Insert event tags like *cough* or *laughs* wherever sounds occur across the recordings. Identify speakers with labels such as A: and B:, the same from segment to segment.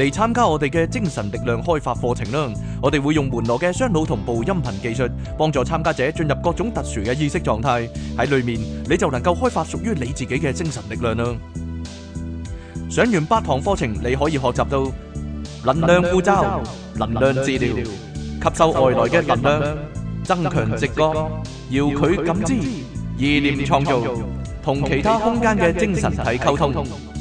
A: 嚟參加我哋嘅精神力量開發課程啦！我哋會用門羅嘅雙腦同步音頻技術，幫助參加者進入各種特殊嘅意識狀態。喺裡面你就能夠開發屬於你自己嘅精神力量啦！上完八堂課程，你可以學習到能量呼召、能量治療、吸收外來嘅能量、增強直覺、遙距感知、意念創造、同其他空間嘅精神體溝通。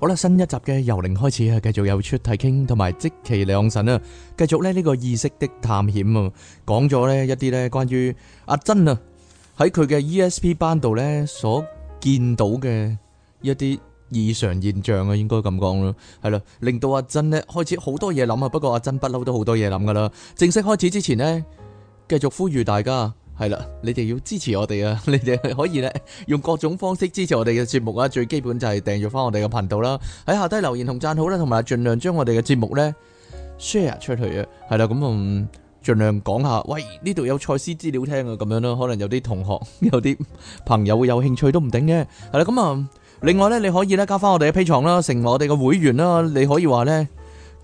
A: 好啦，新一集嘅由零開始啊，繼續有出題傾，同埋即期兩神啊，繼續呢呢個意識的探險啊，講咗呢一啲呢，關於阿珍啊喺佢嘅 E S P 班度呢，所見到嘅一啲異常現象啊，應該咁講咯，係啦，令到阿珍呢開始好多嘢諗啊，不過阿珍不嬲都好多嘢諗噶啦。正式開始之前呢，繼續呼籲大家。係啦，你哋要支持我哋啊！你哋可以咧用各種方式支持我哋嘅節目啊。最基本就係訂閱翻我哋嘅頻道啦，喺下低留言同讚好啦，同埋盡量將我哋嘅節目咧 share 出去啊。係啦，咁啊盡量講下，喂呢度有賽斯資料聽啊，咁樣咯，可能有啲同學、有啲朋友會有興趣都唔定嘅。係啦，咁啊，另外咧你可以咧加翻我哋嘅 P 廠啦，成為我哋嘅會員啦，你可以話咧。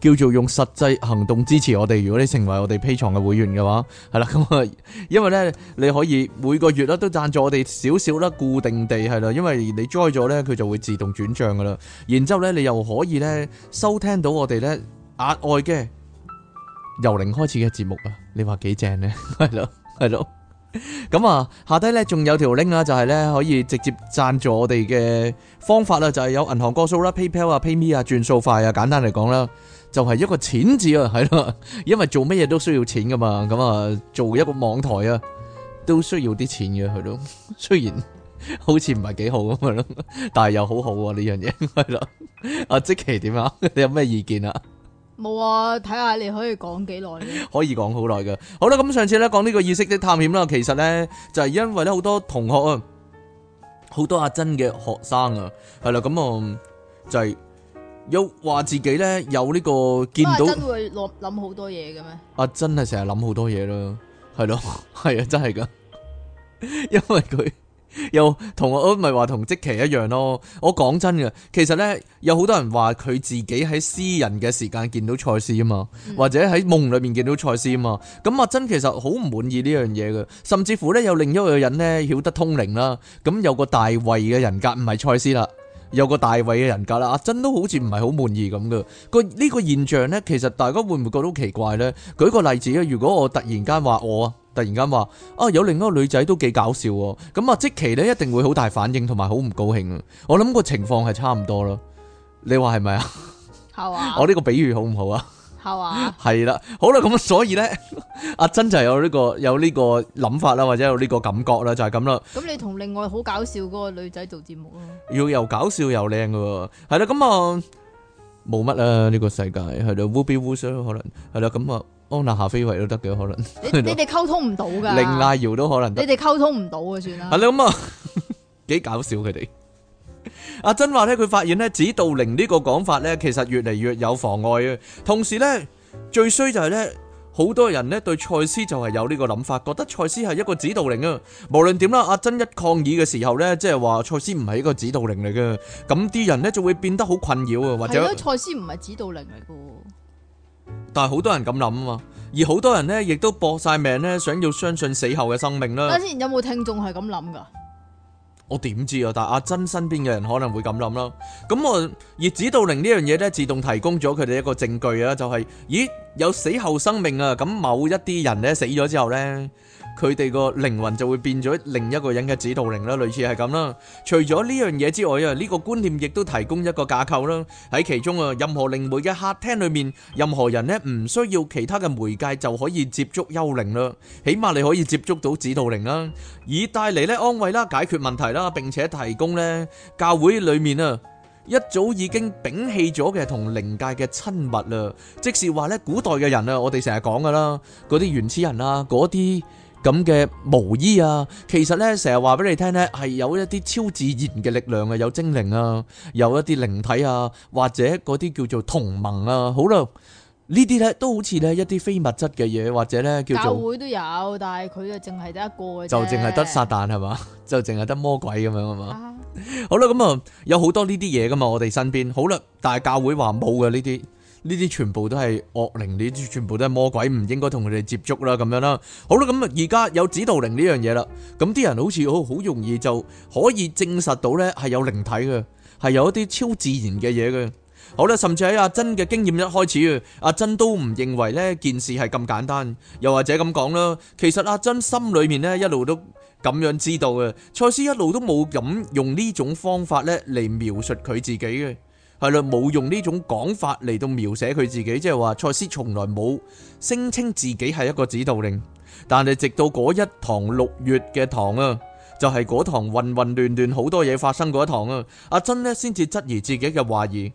A: 叫做用實際行動支持我哋。如果你成為我哋 Pay 床嘅會員嘅話，係啦，咁啊，因為咧你可以每個月啦都贊助我哋少少啦，固定地係啦，因為你 join 咗呢，佢就會自動轉賬噶啦。然之後咧，你又可以呢收聽到我哋呢額外嘅由零開始嘅節目啊！你話幾正呢？係 *laughs* 咯，係咯。咁 *laughs* 啊、嗯，下低呢仲有條 link 啊，就係呢可以直接贊助我哋嘅方法啦，就係、是、有銀行個數啦、PayPal 啊、PayMe 啊、轉數快啊，簡單嚟講啦。就係一個錢字啊，係咯，因為做乜嘢都需要錢噶嘛，咁、嗯、啊做一個網台啊，都需要啲錢嘅，佢咯。雖然好似唔係幾好咁樣咯，但係又好好喎呢樣嘢，係咯。阿即奇點啊？這個、 *laughs* 啊 *laughs* 你有咩意見啊？
B: 冇啊，睇下你可以講幾耐。
A: *laughs* 可以講好耐嘅。好啦，咁上次咧講呢講個意識的探險啦，其實咧就係、是、因為咧好多同學啊，好多阿珍嘅學生啊，係啦，咁、嗯、啊就係、是。有話自己咧有呢、這個見到，阿真
B: 會落諗好多嘢嘅
A: 咩？阿珍係成日諗好多嘢咯，係咯，係啊，真係噶， *laughs* 的的 *laughs* 因為佢又同我咪話同即期一樣咯。我講真噶，其實咧有好多人話佢自己喺私人嘅時間見到蔡思啊嘛，嗯、或者喺夢裏面見到蔡思啊嘛。咁阿珍其實好唔滿意呢樣嘢嘅，甚至乎咧有另一個人咧曉得通靈啦。咁有個大衛嘅人格唔係蔡思啦。有個大衛嘅人格啦，阿珍都好似唔係好滿意咁嘅。個呢、這個現象呢，其實大家會唔會覺得好奇怪呢？舉個例子啊，如果我突然間話我啊，突然間話啊有另一個女仔都幾搞笑喎，咁啊即期呢，一定會好大反應同埋好唔高興，我諗個情況係差唔多囉，你話係咪啊？
B: *laughs* 我呢
A: 個比喻好唔好啊？係嘛？係啦，好啦，咁啊，所以咧，阿珍就係有呢個有呢個諗法啦，或者有呢個感覺啦，就係咁啦。
B: 咁你同另外好搞笑嗰個女仔做節目
A: 咯？要又搞笑又靚噶，係啦，咁啊，冇乜啊，呢個世界係啦，烏比烏蘇可能係啦，咁啊，安娜夏飛慧都得嘅可能。你你哋
B: 溝通唔到噶？林亞瑤都可能。你哋溝通唔到啊？算啦。係
A: 啦，咁啊，幾搞笑佢哋。阿珍話咧，佢發現咧，指導靈呢個講法咧，其實越嚟越有妨礙啊。同時咧，最衰就係咧，好多人咧對賽斯就係有呢個諗法，覺得賽斯係一個指導靈啊。無論點啦，阿珍一抗議嘅時候咧，即係話賽斯唔係一個指導靈嚟嘅，咁啲人咧就會變得好困擾啊。或者
B: 賽斯唔係指導靈嚟噶，
A: 但係好多人咁諗啊嘛，而好多人呢亦都搏晒命咧，想要相信死後嘅生命啦。啱
B: 先有冇聽眾係咁諗噶？
A: 我點知啊？但阿珍身邊嘅人可能會咁諗咯。咁我而指導靈呢樣嘢呢，自動提供咗佢哋一個證據啊！就係、是，咦，有死後生命啊！咁某一啲人呢，死咗之後呢。佢哋個靈魂就會變咗另一個人嘅指導靈啦，類似係咁啦。除咗呢樣嘢之外啊，呢個觀念亦都提供一個架構啦。喺其中啊，任何靈媒嘅客廳裏面，任何人呢唔需要其他嘅媒介就可以接觸幽靈啦。起碼你可以接觸到指導靈啦，以帶嚟呢安慰啦、解決問題啦，並且提供呢教會裏面啊一早已經摒棄咗嘅同靈界嘅親密啦。即是話呢，古代嘅人啊，我哋成日講噶啦，嗰啲原始人啊，嗰啲。咁嘅毛衣啊，其實咧成日話俾你聽咧係有一啲超自然嘅力量啊，有精靈啊，有一啲靈體啊，或者嗰啲叫做同盟啊，好啦，呢啲咧都好似咧一啲非物質嘅嘢，或者咧叫做教會
B: 都有，但係佢就淨係得一個嘅，就淨係得
A: 撒旦係嘛，就淨係得魔鬼咁樣係嘛，好啦，咁啊有好多呢啲嘢㗎嘛，我哋身邊，好啦，但係教會話冇嘅呢啲。呢啲全部都係惡靈，呢啲全部都係魔鬼，唔應該同佢哋接觸啦，咁樣啦。好啦，咁而家有指導靈呢樣嘢啦，咁啲人好似好好容易就可以證實到呢係有靈體嘅，係有一啲超自然嘅嘢嘅。好啦，甚至喺阿珍嘅經驗一開始，阿珍都唔認為呢件事係咁簡單，又或者咁講啦，其實阿珍心裏面呢一路都咁樣知道嘅。賽斯一路都冇咁用呢種方法呢嚟描述佢自己嘅。係啦，冇用呢種講法嚟到描寫佢自己，即係話賽斯從來冇聲稱自己係一個指導令，但係直到嗰一堂六月嘅堂啊，就係、是、嗰堂混混亂亂好多嘢發生嗰一堂啊，阿珍呢先至質疑自己嘅懷疑。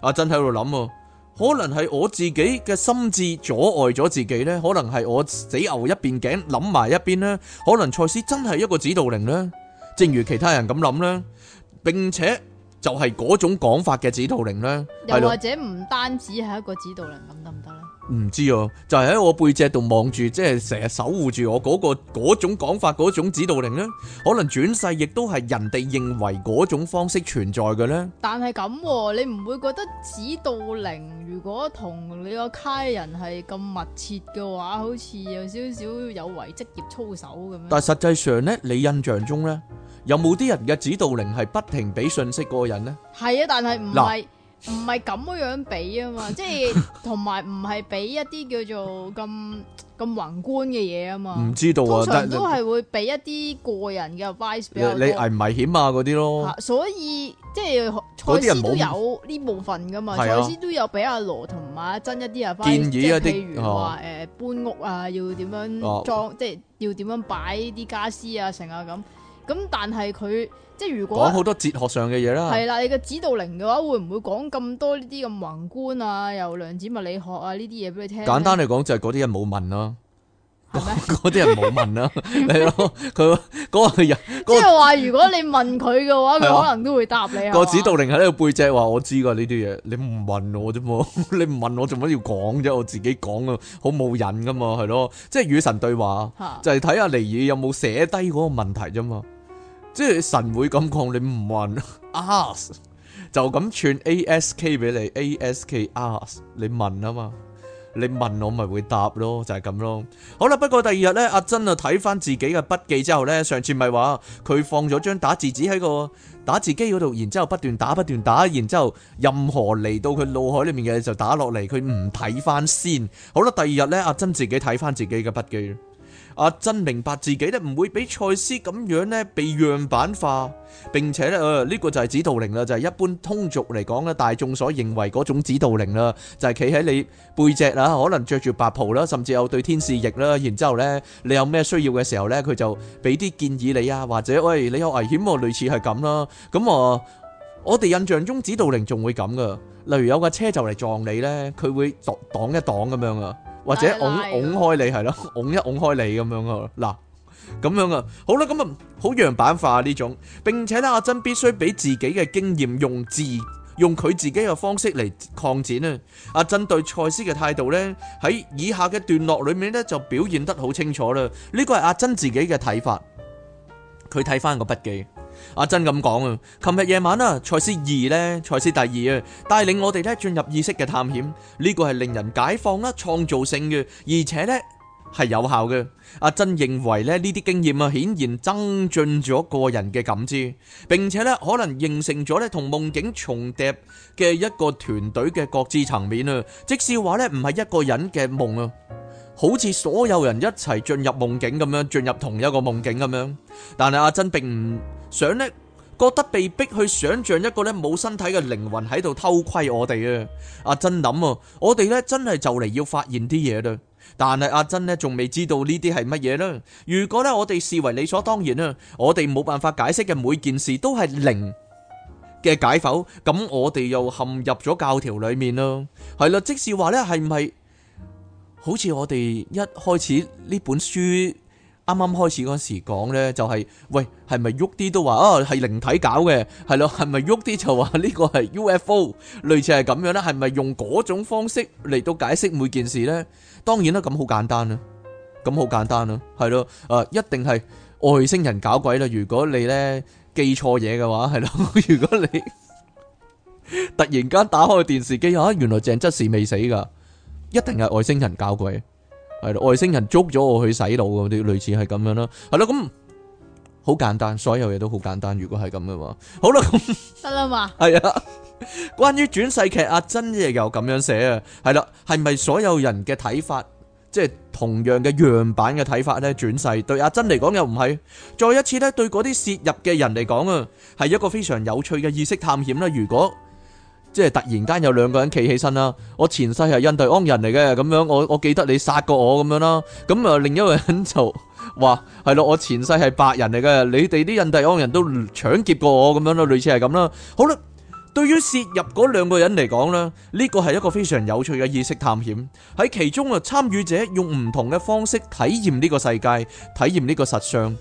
A: 阿珍喺度諗啊，可能係我自己嘅心智阻礙咗自己呢，可能係我死牛一邊頸諗埋一邊呢，可能賽斯真係一個指導令呢？正如其他人咁諗咧，並且。就係嗰種講法嘅指導令啦，又或者
B: 唔單止係一個指導令咁得唔得
A: 咧？唔知哦，就係喺我背脊度望住，即係成日守護住我嗰個嗰種講法，嗰種指導靈呢，可能轉世亦都係人哋認為嗰種方式存在嘅呢。
B: 但係咁，你唔會覺得指導靈如果同你個揩人係咁密切嘅話，好似有少少有違職業操守咁樣？但係實
A: 際上呢，你印象中呢，有冇啲人嘅指導靈係不停俾信息過人呢？
B: 係啊，但係唔係。唔係咁嘅樣俾啊嘛，即係同埋唔係俾一啲叫做咁咁 *laughs* 宏觀嘅嘢啊嘛。唔知道啊，通常都係會俾一啲個人嘅 vice 比較多。你，你危
A: 唔危險啊？嗰啲咯、啊。
B: 所以即係賽斯都有呢部分噶嘛，賽斯都有俾阿羅同埋阿珍一啲啊。建議一啲，即係譬如話誒搬屋啊，要點樣裝，即係要點樣擺啲家私啊，成啊咁。咁但係佢即係如果講好多
A: 哲學上嘅嘢啦，係
B: 啦，你嘅指導靈嘅話會唔會講咁多呢啲咁宏觀啊，又量子物理學啊呢啲嘢俾你聽？簡單
A: 嚟講就係嗰啲人冇問啦，嗰啲人冇問啦，係咯，佢嗰個人，
B: 即係話如果你問佢嘅話，佢可能都會答你。個
A: 指導靈喺呢個背脊話我知噶呢啲嘢，你唔問我啫嘛，你唔問我做乜要講啫？我自己講啊，好冇癮噶嘛，係咯，即係與神對話，就係睇下尼爾有冇寫低嗰個問題啫嘛。即係神會咁講，你唔問 ask、啊、就咁串 ask 俾你，ask Us，、啊、你問啊嘛，你問我咪會答咯，就係、是、咁咯。好啦，不過第二日咧，阿珍啊睇翻自己嘅筆記之後咧，上次咪話佢放咗張打字紙喺個打字機嗰度，然之後不斷打不斷打，然之後任何嚟到佢腦海裏面嘅嘢就打落嚟，佢唔睇翻先。好啦，第二日咧，阿珍自己睇翻自己嘅筆記。阿珍明白自己咧唔會俾賽斯咁樣咧被樣板化，並且咧，誒、呃、呢、這個就係指導靈啦，就係、是、一般通俗嚟講咧，大眾所認為嗰種指導靈啦，就係企喺你背脊啦，可能着住白袍啦，甚至有對天使翼啦，然之後咧，你有咩需要嘅時候咧，佢就俾啲建議你啊，或者喂你有危險，類似係咁啦。咁啊、呃，我哋印象中指導靈仲會咁噶，例如有架車就嚟撞你咧，佢會擋擋一擋咁樣啊。或者㧬㧬 *laughs* 開你係咯，㧬一㧬開你咁樣，樣、樣啊。嗱咁樣啊，好啦，咁啊好樣板化呢種，並且呢，阿珍必須俾自己嘅經驗用字，用佢自己嘅方式嚟擴展啊，阿珍對賽斯嘅態度呢，喺以下嘅段落裏面呢，就表現得好清楚啦、啊，呢個係阿珍自己嘅睇法，佢睇翻個筆記。阿珍咁講啊，琴日夜晚啊，賽斯二咧，賽斯第二啊，帶領我哋咧進入意識嘅探險呢個係令人解放啦，創造性嘅，而且咧係有效嘅。阿珍認為咧呢啲經驗啊，顯然增進咗個人嘅感知，並且咧可能形成咗咧同夢境重疊嘅一個團隊嘅覺知層面啊，即係話咧唔係一個人嘅夢啊。好似所有人一齊進入夢境咁樣，進入同一個夢境咁樣。但係阿珍並唔想咧，覺得被逼去想象一個咧冇身體嘅靈魂喺度偷窺我哋啊！阿珍諗啊，我哋咧真係就嚟要發現啲嘢啦。但係阿珍咧仲未知道呢啲係乜嘢啦。如果咧我哋視為理所當然啊，我哋冇辦法解釋嘅每件事都係零嘅解剖，咁我哋又陷入咗教條裏面咯。係啦，即是話咧，係唔係？好似我哋一開始呢本書啱啱開始嗰時講咧，就係喂，係咪喐啲都話啊係靈體搞嘅，係咯，係咪喐啲就話呢個係 UFO，類似係咁樣咧，係咪用嗰種方式嚟到解釋每件事咧？當然啦，咁好簡單啦，咁好簡單啦，係咯，誒一定係外星人搞鬼啦！如果你咧記錯嘢嘅話，係咯，如果你突然間打開電視機嚇，原來鄭則仕未死噶。一定係外星人教佢，係咯，外星人捉咗我去洗腦，啲類似係咁樣啦，係咯，咁好簡單，所有嘢都好簡單，如果係咁嘅話，好啦，咁得啦嘛，係啊，關於轉世劇阿珍亦有咁樣寫啊，係啦，係咪所有人嘅睇法，即係同樣嘅樣板嘅睇法咧？轉世對阿珍嚟講又唔係，再一次咧對嗰啲涉入嘅人嚟講啊，係一個非常有趣嘅意識探險啦，如果。即係突然間有兩個人企起身啦，我前世係印第安人嚟嘅，咁樣我我記得你殺過我咁樣啦。咁啊另一個人就話係咯，我前世係白人嚟嘅，你哋啲印第安人都搶劫過我咁樣咯，類似係咁啦。好啦，對於涉入嗰兩個人嚟講啦，呢個係一個非常有趣嘅意識探險，喺其中啊參與者用唔同嘅方式體驗呢個世界，體驗呢個實相。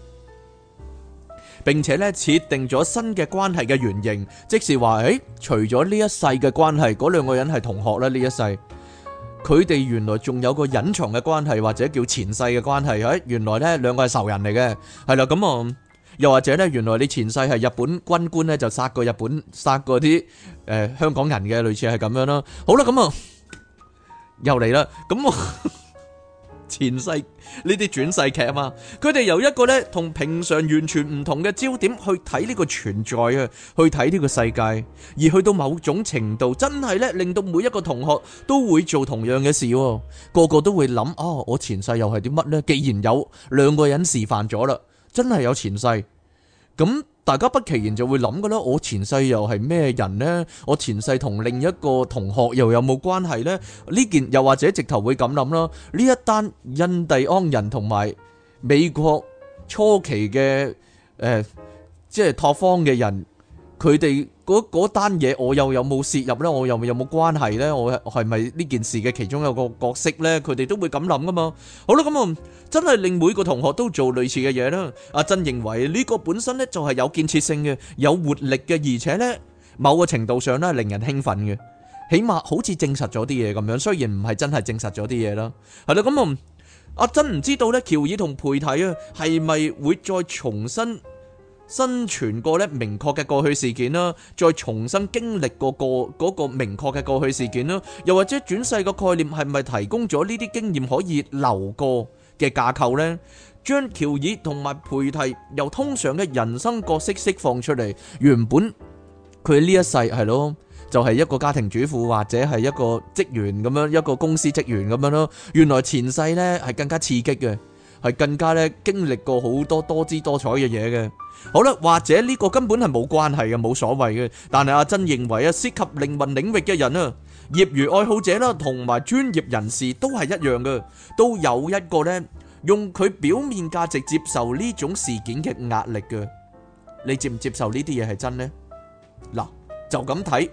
A: 並且咧設定咗新嘅關係嘅原型，即是話誒、欸，除咗呢一世嘅關係，嗰兩個人係同學啦，呢一世佢哋原來仲有個隱藏嘅關係，或者叫前世嘅關係，誒、欸，原來呢，兩個係仇人嚟嘅，係啦，咁啊，又或者呢，原來你前世係日本軍官呢，就殺過日本殺過啲誒、呃、香港人嘅，類似係咁樣咯。好啦，咁啊又嚟啦，咁啊。 *laughs* 前世呢啲轉世劇啊嘛，佢哋由一個呢同平常完全唔同嘅焦點去睇呢個存在啊，去睇呢個世界，而去到某種程度，真係呢令到每一個同學都會做同樣嘅事，個個都會諗啊，我前世又係啲乜呢？既然有兩個人示範咗啦，真係有前世，咁。大家不其然就會諗㗎啦。我前世又係咩人呢？我前世同另一個同學又有冇關係呢？呢件又或者直頭會咁諗咯。呢一單印第安人同埋美國初期嘅誒、呃，即係拓荒嘅人，佢哋。嗰嗰單嘢我又有冇涉入咧？我又有冇關係咧？我係咪呢件事嘅其中一個角色咧？佢哋都會咁諗噶嘛？好啦，咁啊，真係令每個同學都做類似嘅嘢啦。阿珍認為呢個本身咧就係有建設性嘅、有活力嘅，而且咧某個程度上咧係令人興奮嘅。起碼好似證實咗啲嘢咁樣，雖然唔係真係證實咗啲嘢啦。係啦，咁啊，阿珍唔知道咧喬爾同佩蒂啊係咪會再重新生存過咧明確嘅過去事件啦，再重新經歷過個嗰個明確嘅過去事件啦，又或者轉世個概念係咪提供咗呢啲經驗可以留過嘅架構呢？將喬爾同埋佩蒂由通常嘅人生角色釋放出嚟，原本佢呢一世係咯，就係、是、一個家庭主婦或者係一個職員咁樣，一個公司職員咁樣咯。原來前世呢係更加刺激嘅。係更加咧，經歷過好多多姿多彩嘅嘢嘅。好啦，或者呢個根本係冇關係嘅，冇所謂嘅。但係阿珍認為啊，涉及靈魂領域嘅人啊，業餘愛好者啦，同埋專業人士都係一樣嘅，都有一個咧，用佢表面價值接受呢種事件嘅壓力嘅。你接唔接受呢啲嘢係真咧？嗱，就咁睇，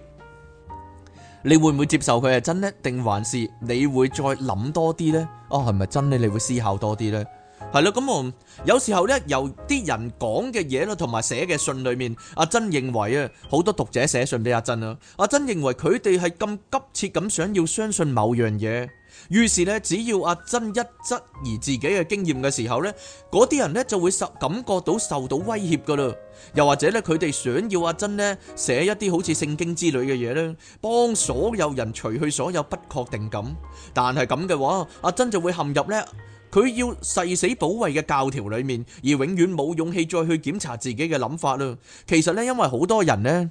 A: 你會唔會接受佢係真咧？定還是你會再諗多啲咧？哦，係咪真咧？你會思考多啲咧？係啦，咁我有時候呢，由啲人講嘅嘢啦，同埋寫嘅信裏面，阿珍認為啊，好多讀者寫信俾阿珍啊。阿珍認為佢哋係咁急切咁想要相信某樣嘢，於是呢，只要阿珍一質疑自己嘅經驗嘅時候呢，嗰啲人呢就會受感覺到受到威脅噶啦，又或者呢，佢哋想要阿珍呢寫一啲好似聖經之類嘅嘢呢，幫所有人除去所有不確定感，但係咁嘅話，阿珍就會陷入呢。佢要誓死保衛嘅教條裏面，而永遠冇勇氣再去檢查自己嘅諗法啦。其實呢，因為好多人呢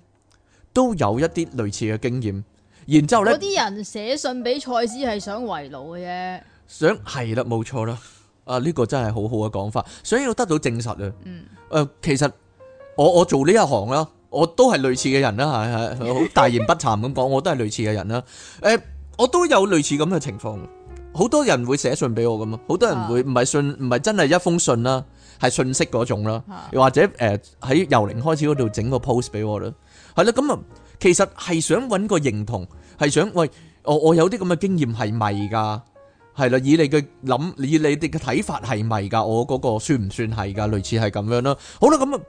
A: 都有一啲類似嘅經驗，然之後咧，嗰啲
B: 人寫信俾賽斯係想圍爐嘅啫，
A: 想係啦，冇錯啦。啊，呢、這個真係好好嘅講法，所以要得到證實啊。誒，其實我我做呢一行啦，我都係類似嘅人啦，係係好大言不慚咁講， *laughs* 我都係類似嘅人啦。誒、啊，我都有類似咁嘅情況。好多人會寫信俾我噶嘛，好多人會唔係信，唔係真係一封信啦，係訊息嗰種啦，又或者誒喺由零開始嗰度整個 post 俾我咯，係啦，咁啊其實係想搵個認同，係想喂，我我有啲咁嘅經驗係咪噶？係啦，以你嘅諗，以你哋嘅睇法係咪噶？我嗰個算唔算係噶？類似係咁樣咯。好啦，咁、嗯、啊。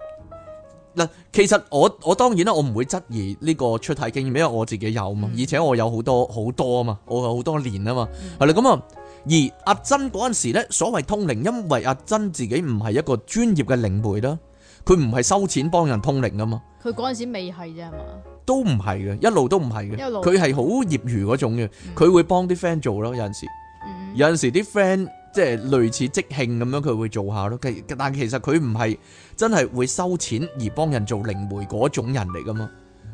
A: 嗱，其實我我當然啦，我唔會質疑呢個出體經驗，因為我自己有嘛，嗯、而且我有好多好多啊嘛，我有好多年啊嘛，係啦、嗯，咁啊，而阿珍嗰陣時咧，所謂通靈，因為阿珍自己唔係一個專業嘅靈媒啦，佢唔係收錢幫人通靈啊嘛，
B: 佢嗰陣時未係啫係嘛，
A: 都唔係嘅，一路都唔係嘅，佢係好業餘嗰種嘅，佢、嗯、會幫啲 friend 做咯，有陣時，嗯、有陣時啲 friend 即係類似即，即興咁樣，佢會做下咯，但其實佢唔係。真係會收錢而幫人做靈媒嗰種人嚟噶嘛？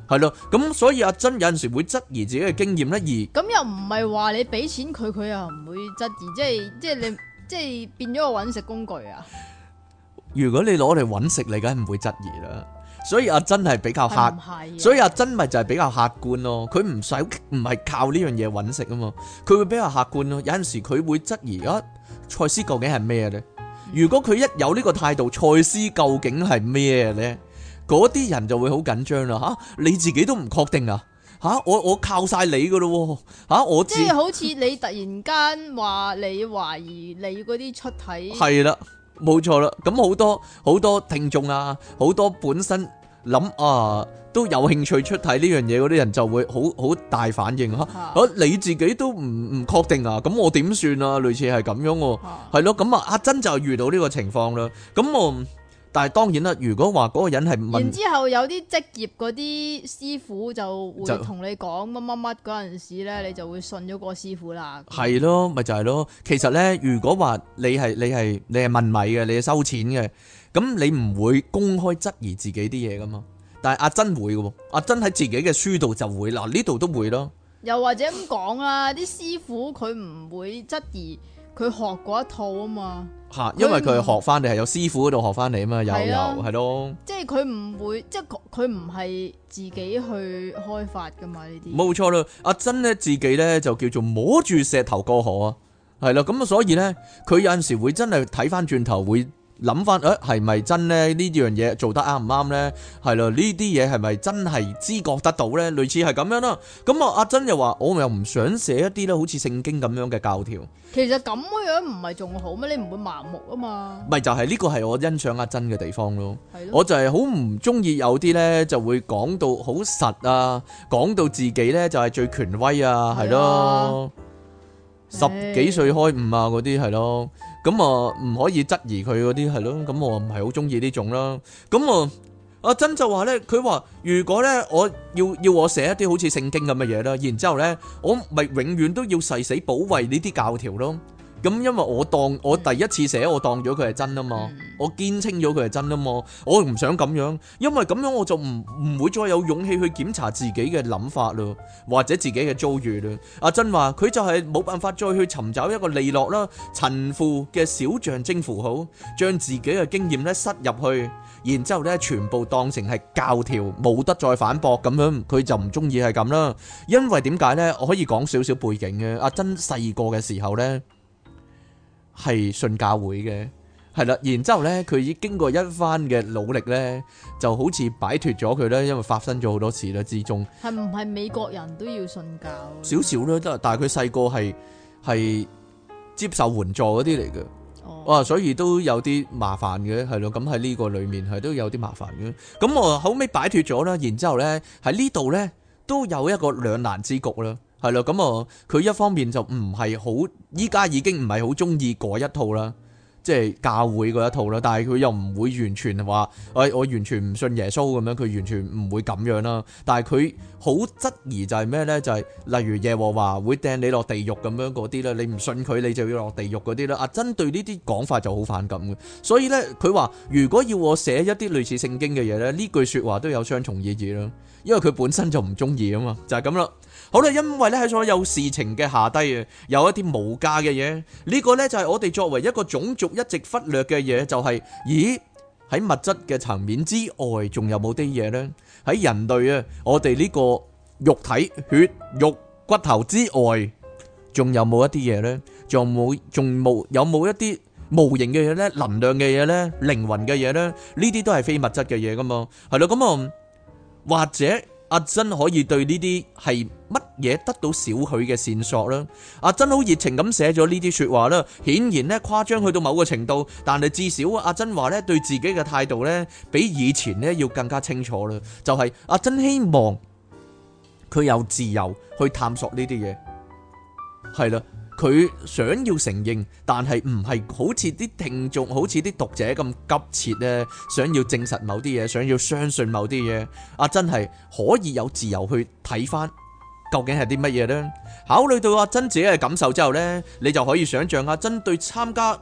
A: 係咯，咁所以阿珍有陣時會質疑自己嘅經驗咧，而
B: 咁又唔係話你俾錢佢，佢又唔會質疑，即係即係你即係變咗個搵食工具啊，
A: 如果你攞嚟搵食，你梗係唔會質疑啦。所以阿珍係比較客，是是所以阿珍咪就係比較客觀咯。佢唔使唔係靠呢樣嘢搵食啊嘛，佢會比較客觀咯。有陣時佢會質疑啊，賽斯究竟係咩咧？如果佢一有呢個態度，賽斯究竟係咩咧？嗰啲人就會好緊張啦嚇、啊！你自己都唔確定啊嚇！我我靠晒你噶咯喎嚇！我即係好
B: 似你突然間話你懷疑你嗰啲出體係
A: 啦，冇 *laughs* 錯啦。咁好多好多聽眾啊，好多本身諗啊。都有興趣出睇呢樣嘢，嗰啲人就會好好大反應吓。咁你自己都唔唔確定啊？咁我點算啊？類似係咁樣喎，係咯。咁啊，阿珍就遇到呢個情況啦。咁我，但係當然啦，如果話嗰個人係問然之
B: 後有啲職業嗰啲師傅就會同你講乜乜乜嗰陣時咧，你就會信咗個師傅啦。
A: 係咯，咪就係咯。其實咧，如果話你係你係你係問米嘅，你係收錢嘅，咁你唔會公開質疑自己啲嘢噶嘛。但係阿珍會嘅，阿珍喺自己嘅書度就會，嗱呢度都會咯。
B: 又或者咁講啊，啲 *coughs* 師傅佢唔會質疑佢學嗰一套啊嘛。
A: 吓，因為佢學翻嚟係有師傅嗰度學翻嚟啊嘛，有有係、啊、咯。
B: 即係佢唔會，即係佢唔係自己去開發噶
A: 嘛呢啲。冇錯啦，阿珍咧自己咧就叫做摸住石頭過河啊，係啦，咁啊所以咧佢有陣時會真係睇翻轉頭會。諗翻，誒係咪真咧？呢樣嘢做得啱唔啱咧？係咯，呢啲嘢係咪真係知覺得到咧？類似係咁樣咯。咁啊，阿珍又話：我又唔想寫一啲咧，好似聖經咁樣嘅教條。
B: 其實咁嘅樣唔係仲好咩？你唔會盲目啊嘛。咪
A: 就係呢個係我欣賞阿珍嘅地方咯。係咯。我就係好唔中意有啲咧，就會講到好實啊，講到自己咧就係最權威啊，係咯。十幾歲開悟啊，嗰啲係咯。咁啊，唔、嗯、可以質疑佢嗰啲係咯，咁、嗯、我唔係好中意呢種啦。咁、嗯、啊、嗯，阿珍就話咧，佢話如果咧，我要要我寫一啲好似聖經咁嘅嘢咧，然之後咧，我咪永遠都要誓死保衞呢啲教條咯。咁，因為我當我第一次寫，我當咗佢係真啊嘛，我堅稱咗佢係真啊嘛，我唔想咁樣，因為咁樣我就唔唔會再有勇氣去檢查自己嘅諗法咯，或者自己嘅遭遇咯。阿珍話佢就係冇辦法再去尋找一個利落啦、陳腐嘅小象徵符號，將自己嘅經驗咧塞入去，然之後咧全部當成係教條，冇得再反駁咁樣，佢就唔中意係咁啦。因為點解呢？我可以講少少背景嘅。阿珍細個嘅時候呢。係信教會嘅，係啦，然之後咧，佢已經經過一番嘅努力咧，就好似擺脫咗佢啦，因為發生咗好多事啦之中。
B: 係唔係美國人都要信教？
A: 少少啦，都係，但係佢細個係係接受援助嗰啲嚟嘅，哦、啊，所以都有啲麻煩嘅，係咯，咁喺呢個裏面係都有啲麻煩嘅，咁我後尾擺脫咗啦，然之後咧喺呢度咧都有一個兩難之局啦。係咯，咁啊，佢一方面就唔係好，依家已經唔係好中意嗰一套啦，即係教會嗰一套啦。但係佢又唔會完全話，誒、哎，我完全唔信耶穌咁樣，佢完全唔會咁樣啦。但係佢好質疑就係咩呢？就係、是、例如耶和華會掟你落地獄咁樣嗰啲咧，你唔信佢，你就要落地獄嗰啲咧。啊，針對呢啲講法就好反感嘅，所以呢，佢話如果要我寫一啲類似聖經嘅嘢呢，呢句說話都有雙重意義啦，因為佢本身就唔中意啊嘛，就係咁啦。好啦，因為咧喺所有事情嘅下低啊，有一啲無價嘅嘢，呢個咧就係我哋作為一個種族一直忽略嘅嘢，就係咦喺物質嘅層面之外，仲有冇啲嘢咧？喺人類啊，我哋呢個肉體、血肉、骨頭之外，仲有冇一啲嘢咧？仲冇？仲冇？有冇一啲無形嘅嘢咧？能量嘅嘢咧？靈魂嘅嘢咧？呢啲都係非物質嘅嘢噶嘛，係咯，咁啊或者。阿珍可以對呢啲係乜嘢得到少許嘅線索呢？阿珍好熱情咁寫咗呢啲說話啦，顯然呢誇張去到某個程度，但係至少阿珍話呢，對自己嘅態度呢，比以前呢要更加清楚啦。就係阿珍希望佢有自由去探索呢啲嘢，係啦。佢想要承認，但係唔係好似啲聽眾、好似啲讀者咁急切咧，想要證實某啲嘢，想要相信某啲嘢。阿珍係可以有自由去睇返，究竟係啲乜嘢呢？考慮到阿珍自己嘅感受之後呢，你就可以想像下珍對參加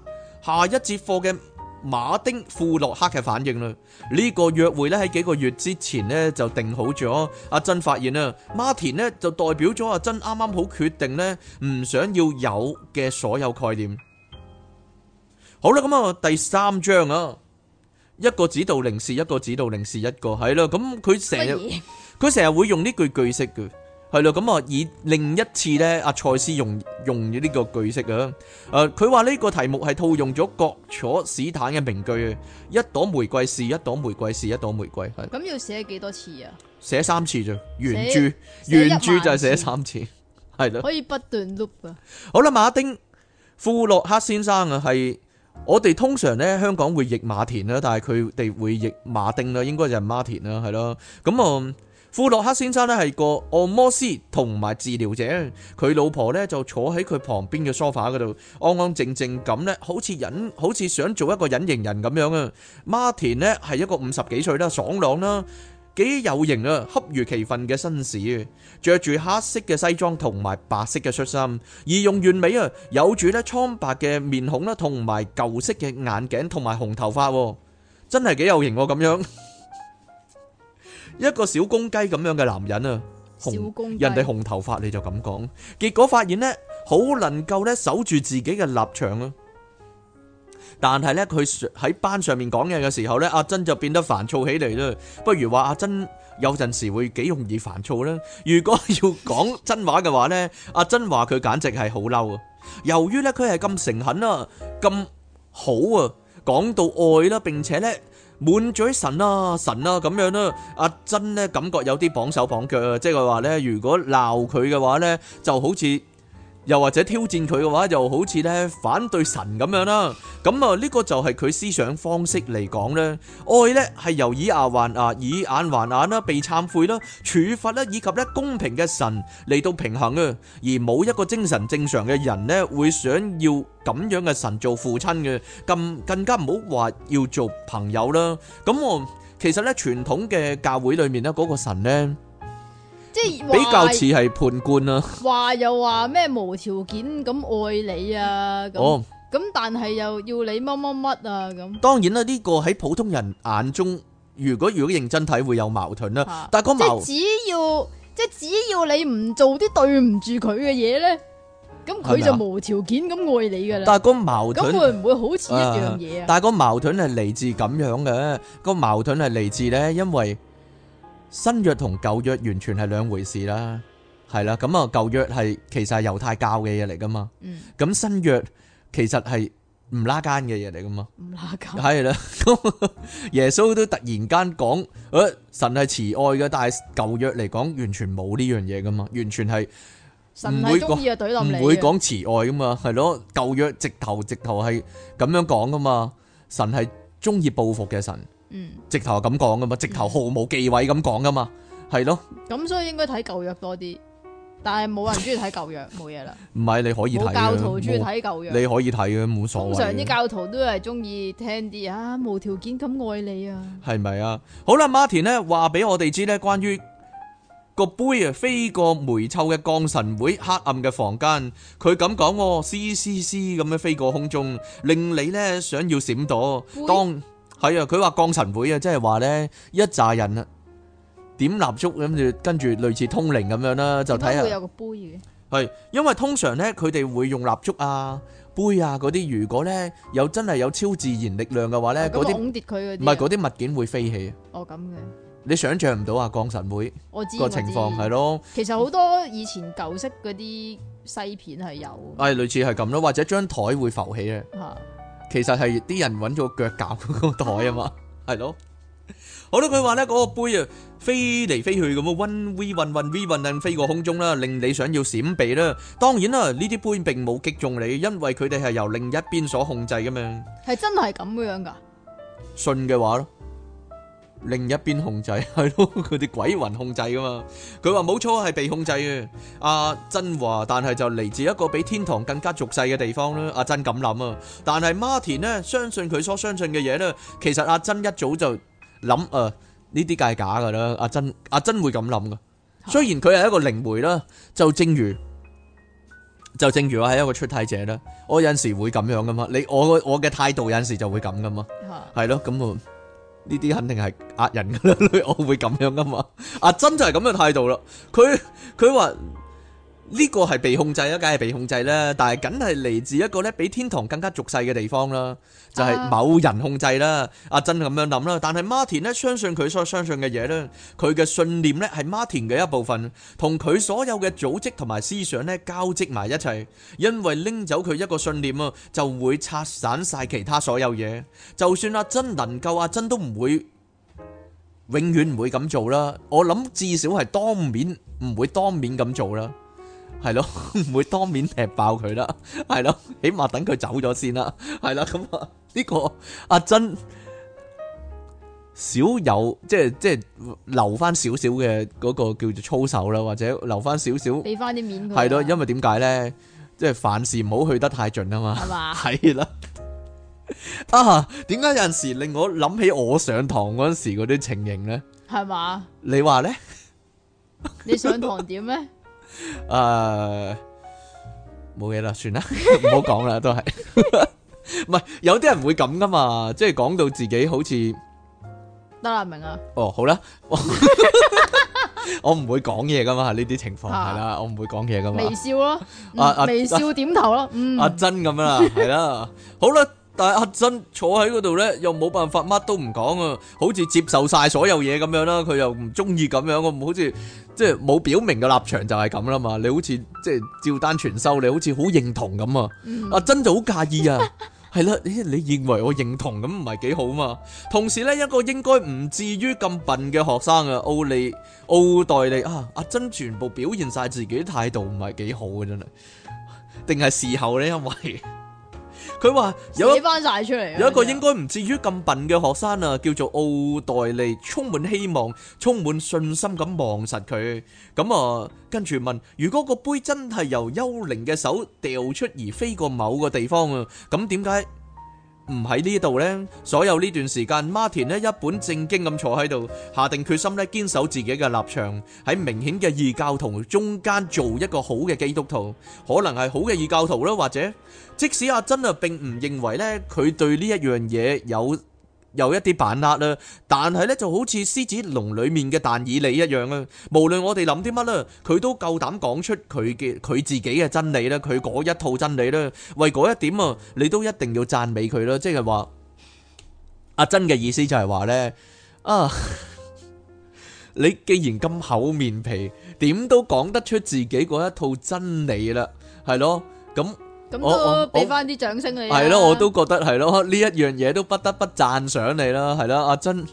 A: 下一節課嘅。馬丁庫洛克嘅反應啦，呢個約會咧喺幾個月之前咧就定好咗。阿珍發現啦，馬田咧就代表咗阿珍啱啱好決定咧唔想要有嘅所有概念。好啦，咁啊第三章啊，一個指導靈是一個指導靈是一個係啦，咁佢成日佢成日會用呢句句式嘅。係咯，咁啊、嗯，以另一次咧，阿賽斯用用呢個句式啊，誒、呃，佢話呢個題目係套用咗葛楚史坦嘅名句，一朵玫瑰是一朵玫瑰是一朵玫瑰，咁
B: 要寫幾多次啊？
A: 寫三次啫，原著寫原著就係寫三次，係咯。 *laughs* 的可以
B: 不斷 loop 啊。
A: 好啦，馬丁庫洛克先生啊，係我哋通常咧香港會譯馬田啦，但係佢哋會譯馬丁啦，應該就係馬田啦，係咯，咁、嗯、啊。嗯嗯嗯富洛克先生咧係個按摩師同埋治療者，佢老婆咧就坐喺佢旁邊嘅梳化嗰度安安靜靜咁咧，好似隱好似想做一個隱形人咁樣啊。馬汀咧係一個五十幾歲啦，爽朗啦，幾有型啊，恰如其分嘅紳士，着住黑色嘅西裝同埋白色嘅恤衫，儀容完美啊，有住咧蒼白嘅面孔啦，同埋舊式嘅眼鏡同埋紅頭髮，真係幾有型咁樣。一個小公雞咁樣嘅男人啊，人哋紅頭髮你就咁講，結果發現呢，好能夠呢守住自己嘅立場啊。但係呢，佢喺班上面講嘢嘅時候呢，阿珍就變得煩躁起嚟。啦不如話阿珍有陣時會幾容易煩躁啦。如果要講真話嘅話呢， *laughs* 阿珍話佢簡直係好嬲啊。由於呢，佢係咁誠懇啊，咁好啊，講到愛啦，並且呢。滿嘴神啊神啊咁樣啦、啊，阿珍呢感覺有啲綁手綁腳啊，即係佢話咧，如果鬧佢嘅話咧，就好似。又或者挑戰佢嘅話，就好似咧反對神咁樣啦。咁啊，呢個就係佢思想方式嚟講咧。愛呢係由以牙還牙、以眼還眼啦，被懺悔啦、處罰啦，以及咧公平嘅神嚟到平衡啊。而冇一個精神正常嘅人呢，會想要咁樣嘅神做父親嘅，更更加唔好話要做朋友啦。咁我、啊、其實呢傳統嘅教會裏面呢，嗰個神呢。
B: 即係比較似係
A: 判官啦，
B: 話又話咩無條件咁愛你啊，咁咁、哦、但係又要你乜乜乜啊咁。
A: 當然啦，呢、呢個喺普通人眼中，如果如果認真睇會有矛盾啦。啊、但係個矛盾即係只
B: 要即係只要你唔做啲對唔住佢嘅嘢咧，咁佢就無條件咁愛你噶啦。但係個矛盾咁會唔會好似一樣嘢啊？但係
A: 個矛盾係嚟自咁樣嘅，個矛盾係嚟自咧，因為。新約同舊約完全係兩回事啦，係啦，咁啊舊約係其實係猶太教嘅嘢嚟噶嘛，咁、嗯、新約其實係唔拉奸嘅嘢嚟噶嘛，唔拉奸係啦，的 *laughs* 咁耶穌都突然間講、呃，神係慈愛嘅，但係舊約嚟講完全冇呢樣嘢噶嘛，完全係神唔會講唔會講慈愛噶嘛，係咯的，舊約直頭直頭係咁樣講噶嘛，神係中意報復嘅神。嗯、直頭咁講噶嘛，直頭毫無忌諱咁講噶嘛，係咯。
B: 咁、嗯、所以應該睇舊約多啲，但係冇人中意睇舊約，冇嘢啦。
A: 唔係，你可以睇教徒中意睇舊約，你可以睇嘅冇所謂。通常啲
B: 教徒都係中意聽啲啊，無條件咁愛你啊，
A: 係咪啊？好啦，Martin 呢話俾我哋知呢，關於個杯啊，飛過煤臭嘅降神會黑暗嘅房間，佢咁講，嘶嘶嘶咁樣飛過空中，令你呢想要閃躲，當。當係啊，佢話降神會啊，即係話咧一紮人啊，點蠟燭咁住，跟住類似通靈咁樣啦，就睇下。會有個杯嘅。係，因為通常咧，佢哋會用蠟燭啊、杯啊嗰啲。如果咧有真係有超自然力量嘅話咧，嗰啲、
B: 嗯。唔係嗰
A: 啲物件會飛起。
B: 哦，咁嘅。
A: 你想象唔到啊，降神會
B: 我。我知個情況係咯。的其實好多以前舊式嗰啲西片係有。誒，
A: 類似係咁咯，或者張台會浮起啊。吓、嗯。其實係啲人揾咗腳夾嗰個袋啊嘛，係咯。好啦，佢話咧，嗰個杯啊飛嚟飛去咁啊，one v one v one v one 飛過空中啦，令你想要閃避啦。當然啦，呢啲杯並冇擊中你，因為佢哋係由另一邊所控制噶嘛。
B: 係真係咁樣噶？
A: 信嘅話咯。另一邊控制係咯，佢哋鬼魂控制噶嘛。佢話冇錯係被控制嘅。阿珍話，但係就嚟自一個比天堂更加俗世嘅地方啦。阿珍咁諗啊，但係馬汀呢，相信佢所相信嘅嘢呢，其實阿珍一早就諗誒，呢啲梗係假噶啦。阿珍阿珍會咁諗噶，雖然佢係一個靈媒啦，就正如就正如我係一個出體者啦，我有時會咁樣噶嘛。你我我嘅態度有時就會咁噶嘛，係咯咁啊。呢啲肯定係呃人噶啦，我會咁樣噶嘛，阿珍就係咁嘅態度啦，佢佢話。呢個係被控制啦，梗係被控制啦，但係梗係嚟自一個咧比天堂更加俗世嘅地方啦，就係某人控制啦。阿珍咁樣諗啦，但係馬汀咧相信佢所相信嘅嘢咧，佢嘅信念咧係馬汀嘅一部分，同佢所有嘅組織同埋思想咧交織埋一齊。因為拎走佢一個信念啊，就會拆散晒其他所有嘢。就算阿珍能夠，阿珍都唔會永遠唔會咁做啦。我諗至少係當面唔會當面咁做啦。係咯，唔會當面踢爆佢啦。係咯，起碼等佢走咗先啦。係啦，咁啊、這個，呢個阿珍少有，即係即係留翻少少嘅嗰個叫做操守啦，或者留翻少少
B: 俾翻啲面。係咯了，
A: 因為點解咧？即係凡事唔好去得太盡啊嘛。係嘛吧。係啦對了。 *laughs* 啊，點解有陣時令我諗起我上堂嗰陣時嗰啲情形咧？係嘛吧？你話咧？
B: 你上堂點咧？ *laughs*
A: 誒，冇嘢啦，算啦，唔好講啦， *laughs* 都係是，唔 *laughs* 係有啲人唔會咁噶嘛，即係講到自己好似得啦，明啊？哦，好啦，我我唔會講嘢噶嘛，呢啲情況係啦，我唔會講嘢噶嘛，微笑
B: 咯，微笑點頭咯，嗯啊啊，
A: 阿珍咁樣啦，係啦，好啦。但係阿珍坐喺嗰度呢，又冇辦法乜都唔講啊，好似接受晒所有嘢咁樣啦。佢又唔中意咁樣，我好似即係冇表明嘅立場就係咁啦嘛。你好似即係照單全收，你好似好認同咁啊。嗯、阿珍就好介意啊，係啦， *laughs* 你認為我認同咁唔係幾好嘛？同時呢，一個應該唔至於咁笨嘅學生啊，奧利奧黛利啊，阿珍全部表現晒自己態度唔係幾好嘅、啊、真係，定係事後呢，因為。 *laughs* 佢話有一個應該唔至於咁笨嘅學生啊，叫做奧黛利，充滿希望、充滿信心咁望實佢。咁、嗯、啊，跟住問：如果個杯真係由幽靈嘅手掉出而飛過某個地方啊，咁點解？唔喺呢度呢？所有呢段時間，馬汀呢一本正經咁坐喺度，下定決心呢，堅守自己嘅立場，喺明顯嘅異教徒中間做一個好嘅基督徒，可能係好嘅異教徒啦，或者即使阿珍啊並唔認為呢，佢對呢一樣嘢有有一啲把握啦，但係咧就好似獅子籠裏面嘅但以理一樣啦。無論我哋諗啲乜啦，佢都夠膽講出佢嘅佢自己嘅真理啦，佢嗰一套真理咧，為嗰一點啊，你都一定要讚美佢啦。即係話阿珍嘅意思就係話咧啊，你既然咁厚面皮，點都講得出自己嗰一套真理啦，係咯咁。咁都俾
B: 翻啲掌聲你係咯，我都
A: 覺得係咯，呢一樣嘢都不得不讚賞你啦，係啦。阿珍呢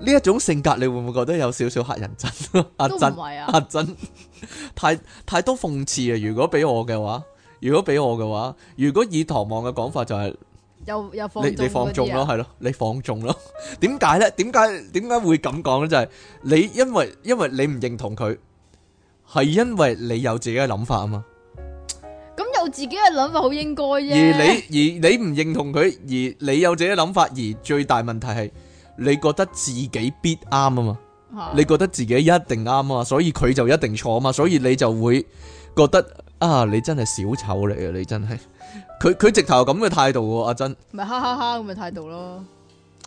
A: 一種性格，你會唔會覺得有少少吓人憎咯？阿珍阿珍太太多諷刺啊！如果俾我嘅話，如果俾我嘅話，如果以唐望嘅講法就係
B: 又又放你放縱咯，係
A: 咯，你放縱咯？點解咧？點解點解會咁講咧？就係你因為因為你唔認同佢，係因為你有自己嘅諗法啊嘛。
B: 我自己嘅諗法好應該啫，而你
A: 而你唔認同佢，而你有自己諗法，而最大問題係你覺得自己必啱啊嘛，啊你覺得自己一定啱啊嘛，所以佢就一定錯啊嘛，所以你就會覺得啊，你真係小丑嚟啊，你真係，佢佢直頭咁嘅態度啊，阿珍，
B: 咪哈哈哈咁嘅態度咯，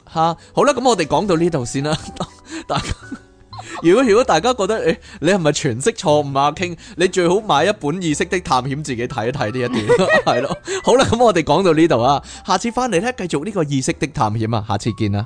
A: 哈，好啦，咁我哋講到呢度先啦， *laughs* 大家。如果如果大家覺得誒、欸、你係咪詮釋錯誤啊？傾，你最好買一本意識的探險，自己睇一睇呢一段係咯， *laughs* *laughs* 好啦，咁我哋講到呢度啊，下次翻嚟咧繼續呢、呢個意識的探險啊，下次見啦。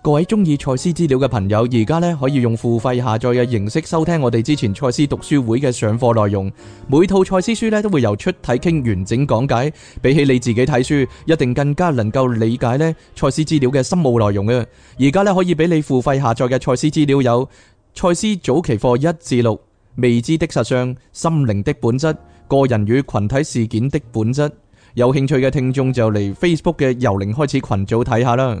A: 各位中意賽斯資料嘅朋友，而家咧可以用付費下載嘅形式收聽我哋之前賽斯讀書會嘅上課內容。每套賽斯書咧都會由出體傾完整講解，比起你自己睇書，一定更加能夠理解呢賽斯資料嘅深奧內容嘅。而家咧可以俾你付費下載嘅賽斯資料有賽斯早期課一至六、未知的實相、心靈的本質、個人與群體事件的本質。有興趣嘅聽眾就嚟 Facebook 嘅由零開始群組睇下啦。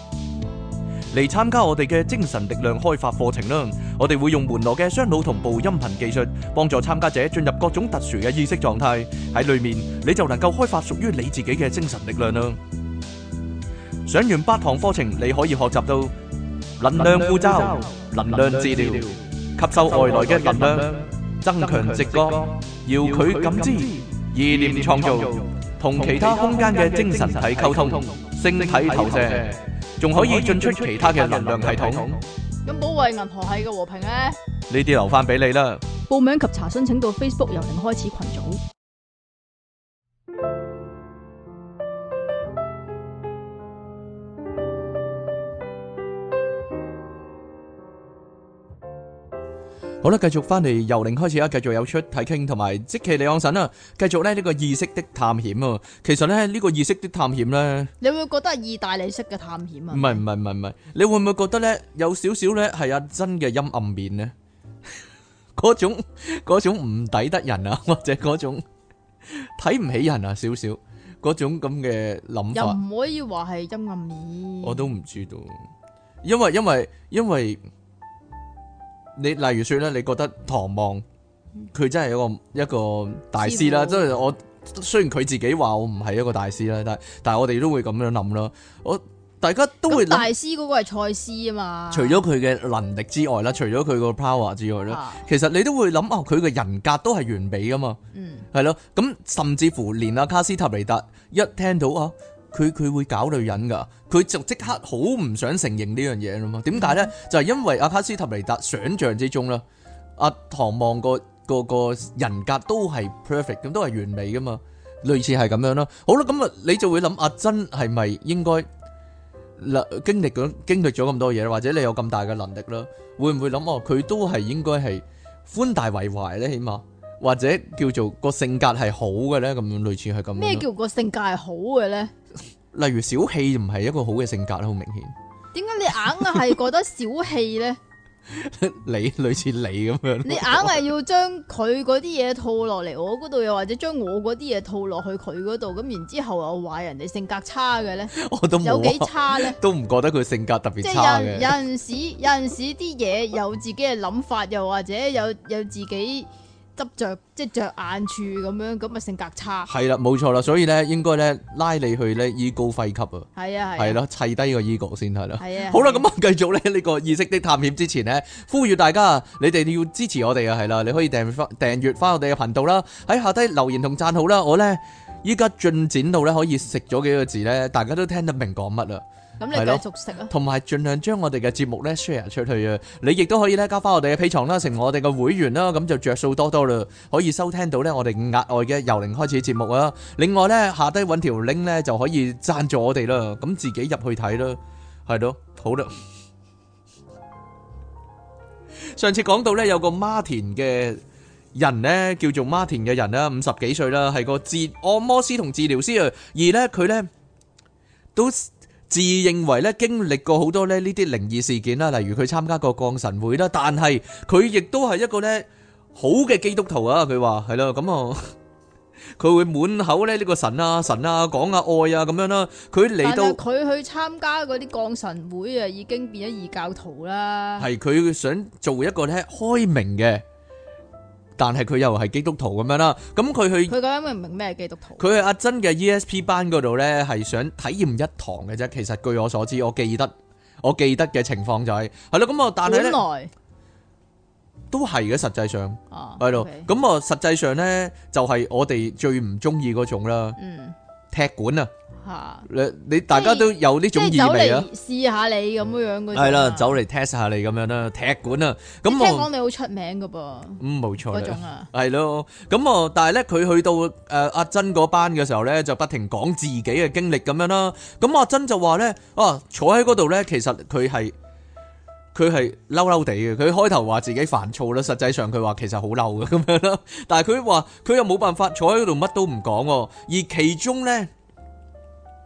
A: 嚟參加我哋嘅精神力量開發課程啦！我哋會用門羅嘅雙腦同步音頻技術，幫助參加者進入各種特殊嘅意識狀態。喺裏面你就能夠開發屬於你自己嘅精神力量啦！上完八堂課程，你可以學習到能量護罩、能量治療、吸收外來嘅能量、增強直覺、遙距感知、意念創造、同其他空間嘅精神體溝通、星體投射。仲可以進出其他嘅能量系統。
B: 咁保衛銀河系嘅和平咧？
A: 呢啲留翻俾你啦。
B: 報名及查詢請到 Facebook 由零開始群組。
A: 好啦，繼續翻嚟由零開始啦，繼續有出睇傾同埋即期李昂神啦，繼續咧呢個意識的探險啊，其實咧呢個意識的探險咧，
B: 你會唔會覺得係意大利式嘅探險啊？
A: 唔係唔係唔係唔係，你會唔會覺得咧有少少咧係阿真嘅陰暗面咧？嗰 *laughs* 種嗰種唔抵得人啊，或者嗰種睇唔 *laughs* 起人啊，少少嗰種咁嘅諗法，又唔
B: 可以話係陰暗面。我都
A: 唔知道，因為因為因為。因為你例如說咧，你覺得唐望佢真係一個一個大師啦，即係父我雖然佢自己話我唔係一個大師啦，但係但係我哋都會咁樣諗咯。我大家都會諗，大
B: 師嗰個係賽斯啊嘛，除
A: 咗佢嘅能力之外啦，除咗佢個 power 之外啦，啊、其實你都會諗啊，佢、哦、嘅人格都係完美噶嘛，嗯，係咯，咁甚至乎連阿卡斯塔尼達一聽到啊。佢佢會搞女人噶，佢就即刻好唔想承認呢樣嘢啦嘛。點解咧？就係、是、因為阿卡斯塔尼達想像之中啦，阿唐望個個人格都係 perfect 咁，都係完美噶嘛，類似係咁樣咯。好啦，咁啊你就會諗阿珍係咪應該嗱經歷咗經歷咗咁多嘢，或者你有咁大嘅能力啦，會唔會諗哦佢都係應該係寬大為懷咧嘛？起碼或者叫做個性格係好嘅咧，咁樣類似係咁。咩叫
B: 個性格係好嘅咧？
A: 例如小氣唔係一個好嘅性格啦，好明顯。
B: 點解你硬係覺得小氣咧？
A: *laughs* 你類似你咁樣。你
B: 硬係要將佢嗰啲嘢套落嚟，我嗰度又或者將我嗰啲嘢套落去佢嗰度，咁然之後，後又話人哋性格差嘅咧，我有幾差咧？ *laughs*
A: 都唔覺得佢性格特別差。有陣
B: *laughs* 時，有陣時啲嘢有自己嘅諗法，又或者有有自己。執着即係着眼處咁樣，咁啊，性格差
A: 係啦，冇錯啦，所以咧，應該咧拉你去咧依高費級啊，係啊的，係咯的，砌低個依角先係啦，係啊，的好啦了，咁啊繼續咧，這、呢個意識的探險之前咧，呼籲大家你哋要支持我哋啊，係啦，你可以訂翻訂閱翻我哋嘅頻道啦，喺下低留言同讚好啦，我咧依家進展到咧可以食咗幾個字咧，大家都聽得明講乜啦。咁你繼續食啊！同埋盡量將我哋嘅節目咧 share 出去啊！你亦都可以咧交翻我哋嘅 P 床啦，成我哋嘅會員啦，咁就着數多多啦，可以收聽到咧我哋額外嘅由零開始節目啊！另外咧下低揾條 link 咧就可以贊助我哋啦，咁自己入去睇啦，係咯，好啦。上次講到咧有個馬汀嘅人咧，叫做馬汀嘅人啦，五十幾歲啦，係個治按摩師同治療師啊，而咧佢咧都，自認為咧經歷過好多咧呢啲靈異事件啦，例如佢參加過降神會啦，但係佢亦都係一個咧好嘅基督徒啊！佢話係咯，咁啊佢會滿口咧呢個神啊神啊講啊愛啊咁樣啦。佢嚟到佢
B: 去參加嗰啲降神會啊，已經變咗異教徒啦。係
A: 佢想做一個咧開明嘅。但係佢又係基督徒咁樣啦，咁佢去佢
B: 究竟明唔明咩基督徒？
A: 佢喺阿珍嘅 ESP 班嗰度咧，係想體驗一堂嘅啫。其實據我所知，我記得我記得嘅情況就係係咯，咁啊，但係咧來都係嘅。實際上喺度，咁啊，okay. 我實際上咧就係我哋最唔中意嗰種啦。嗯，踢館啊！吓，你你大家都有呢種意識啊！
B: 試下你咁樣樣嘅係啦，
A: 走嚟 test 下你咁樣啦，踢館啊！咁聽講你好
B: 出名噶噃，
A: 嗯，冇錯啦，係咯，咁哦，但係咧佢去到誒阿珍嗰班嘅時候咧，就不停講自己嘅經歷咁樣啦。咁阿珍就話咧，哦，坐喺嗰度咧，其實佢係佢係嬲嬲地嘅。佢開頭話自己煩躁啦，實際上佢話其實好嬲嘅咁樣啦。但係佢話佢又冇辦法坐喺嗰度乜都唔講，而其中咧。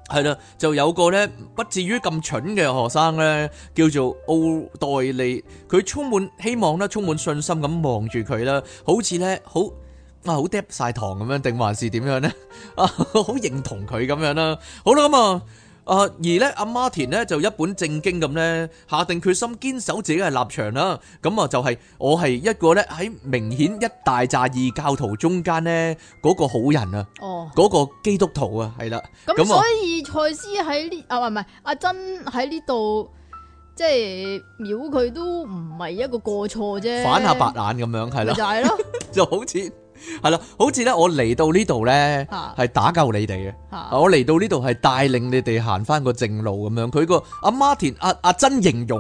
A: 係啦，就有個咧，不至於咁蠢嘅學生咧，叫做奧黛利，佢充滿希望啦，充滿信心咁望住佢啦，好似咧好啊，好嗒晒糖咁樣，定還是點樣咧？啊， *laughs* 好認同佢咁樣啦。好啦，咁啊。啊！而咧，阿馬汀咧就一本正經咁咧，下定決心堅守自己嘅立場啦。咁啊，就係我係一個咧喺明顯一大扎異教徒中間咧嗰個好人啊，嗰、哦、個基督徒啊，係啦。咁所
B: 以賽斯喺呢啊，唔係唔係，阿珍喺呢度，即係瞄佢都唔係一個過錯啫。反下白
A: 眼咁樣係啦，就係咯， *laughs* 就好似。係啦，好似咧，我嚟到呢度咧，係打救你哋嘅。啊、我嚟到呢度係帶領你哋行翻個正路咁樣。佢個阿馬汀阿阿珍形容，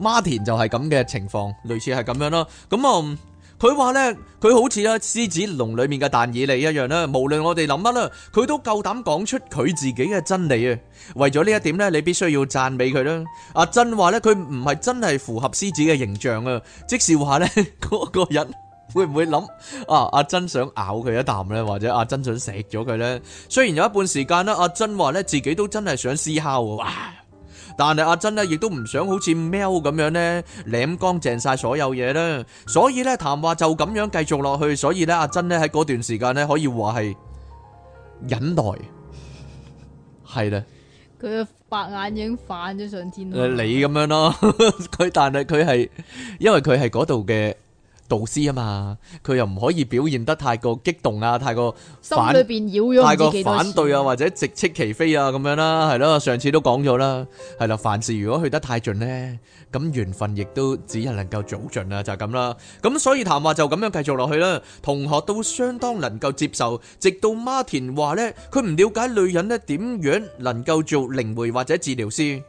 A: 馬汀、啊、就係咁嘅情況，類似係咁樣啦。咁、嗯、啊，佢話咧，佢好似咧獅子籠裏面嘅但以理一樣啦。無論我哋諗乜啦，佢都夠膽講出佢自己嘅真理啊。為咗呢一點咧，你必須要讚美佢啦。阿珍話咧，佢唔係真係符合獅子嘅形象啊。即係話咧，嗰 *laughs* 個人。會唔會諗啊？阿珍想咬佢一啖咧，或者阿珍想食咗佢咧？雖然有一半時間咧，阿珍話咧自己都真係想思考啊，但係阿珍咧亦都唔想好似貓咁樣咧舐乾淨晒所有嘢啦。所以咧談話就咁樣繼續落去。所以咧阿珍咧喺嗰段時間咧可以話係忍耐，係啦。
B: 佢嘅白眼已經反咗上天啦。誒，你
A: 咁樣咯？佢但係佢係因為佢係嗰度嘅。導師啊嘛，佢又唔可以表現得太過激動啊，太過心裏邊
B: 擾攘，太過反對啊，
A: 或者直斥其非啊，咁樣啦，係咯，上次都講咗啦，係啦，凡事如果去得太盡咧，咁緣分亦都只係能夠早盡啦，就咁啦，咁所以談話就咁樣繼續落去啦，同學都相當能夠接受，直到馬汀話咧，佢唔了解女人咧點樣能夠做靈媒或者治療師。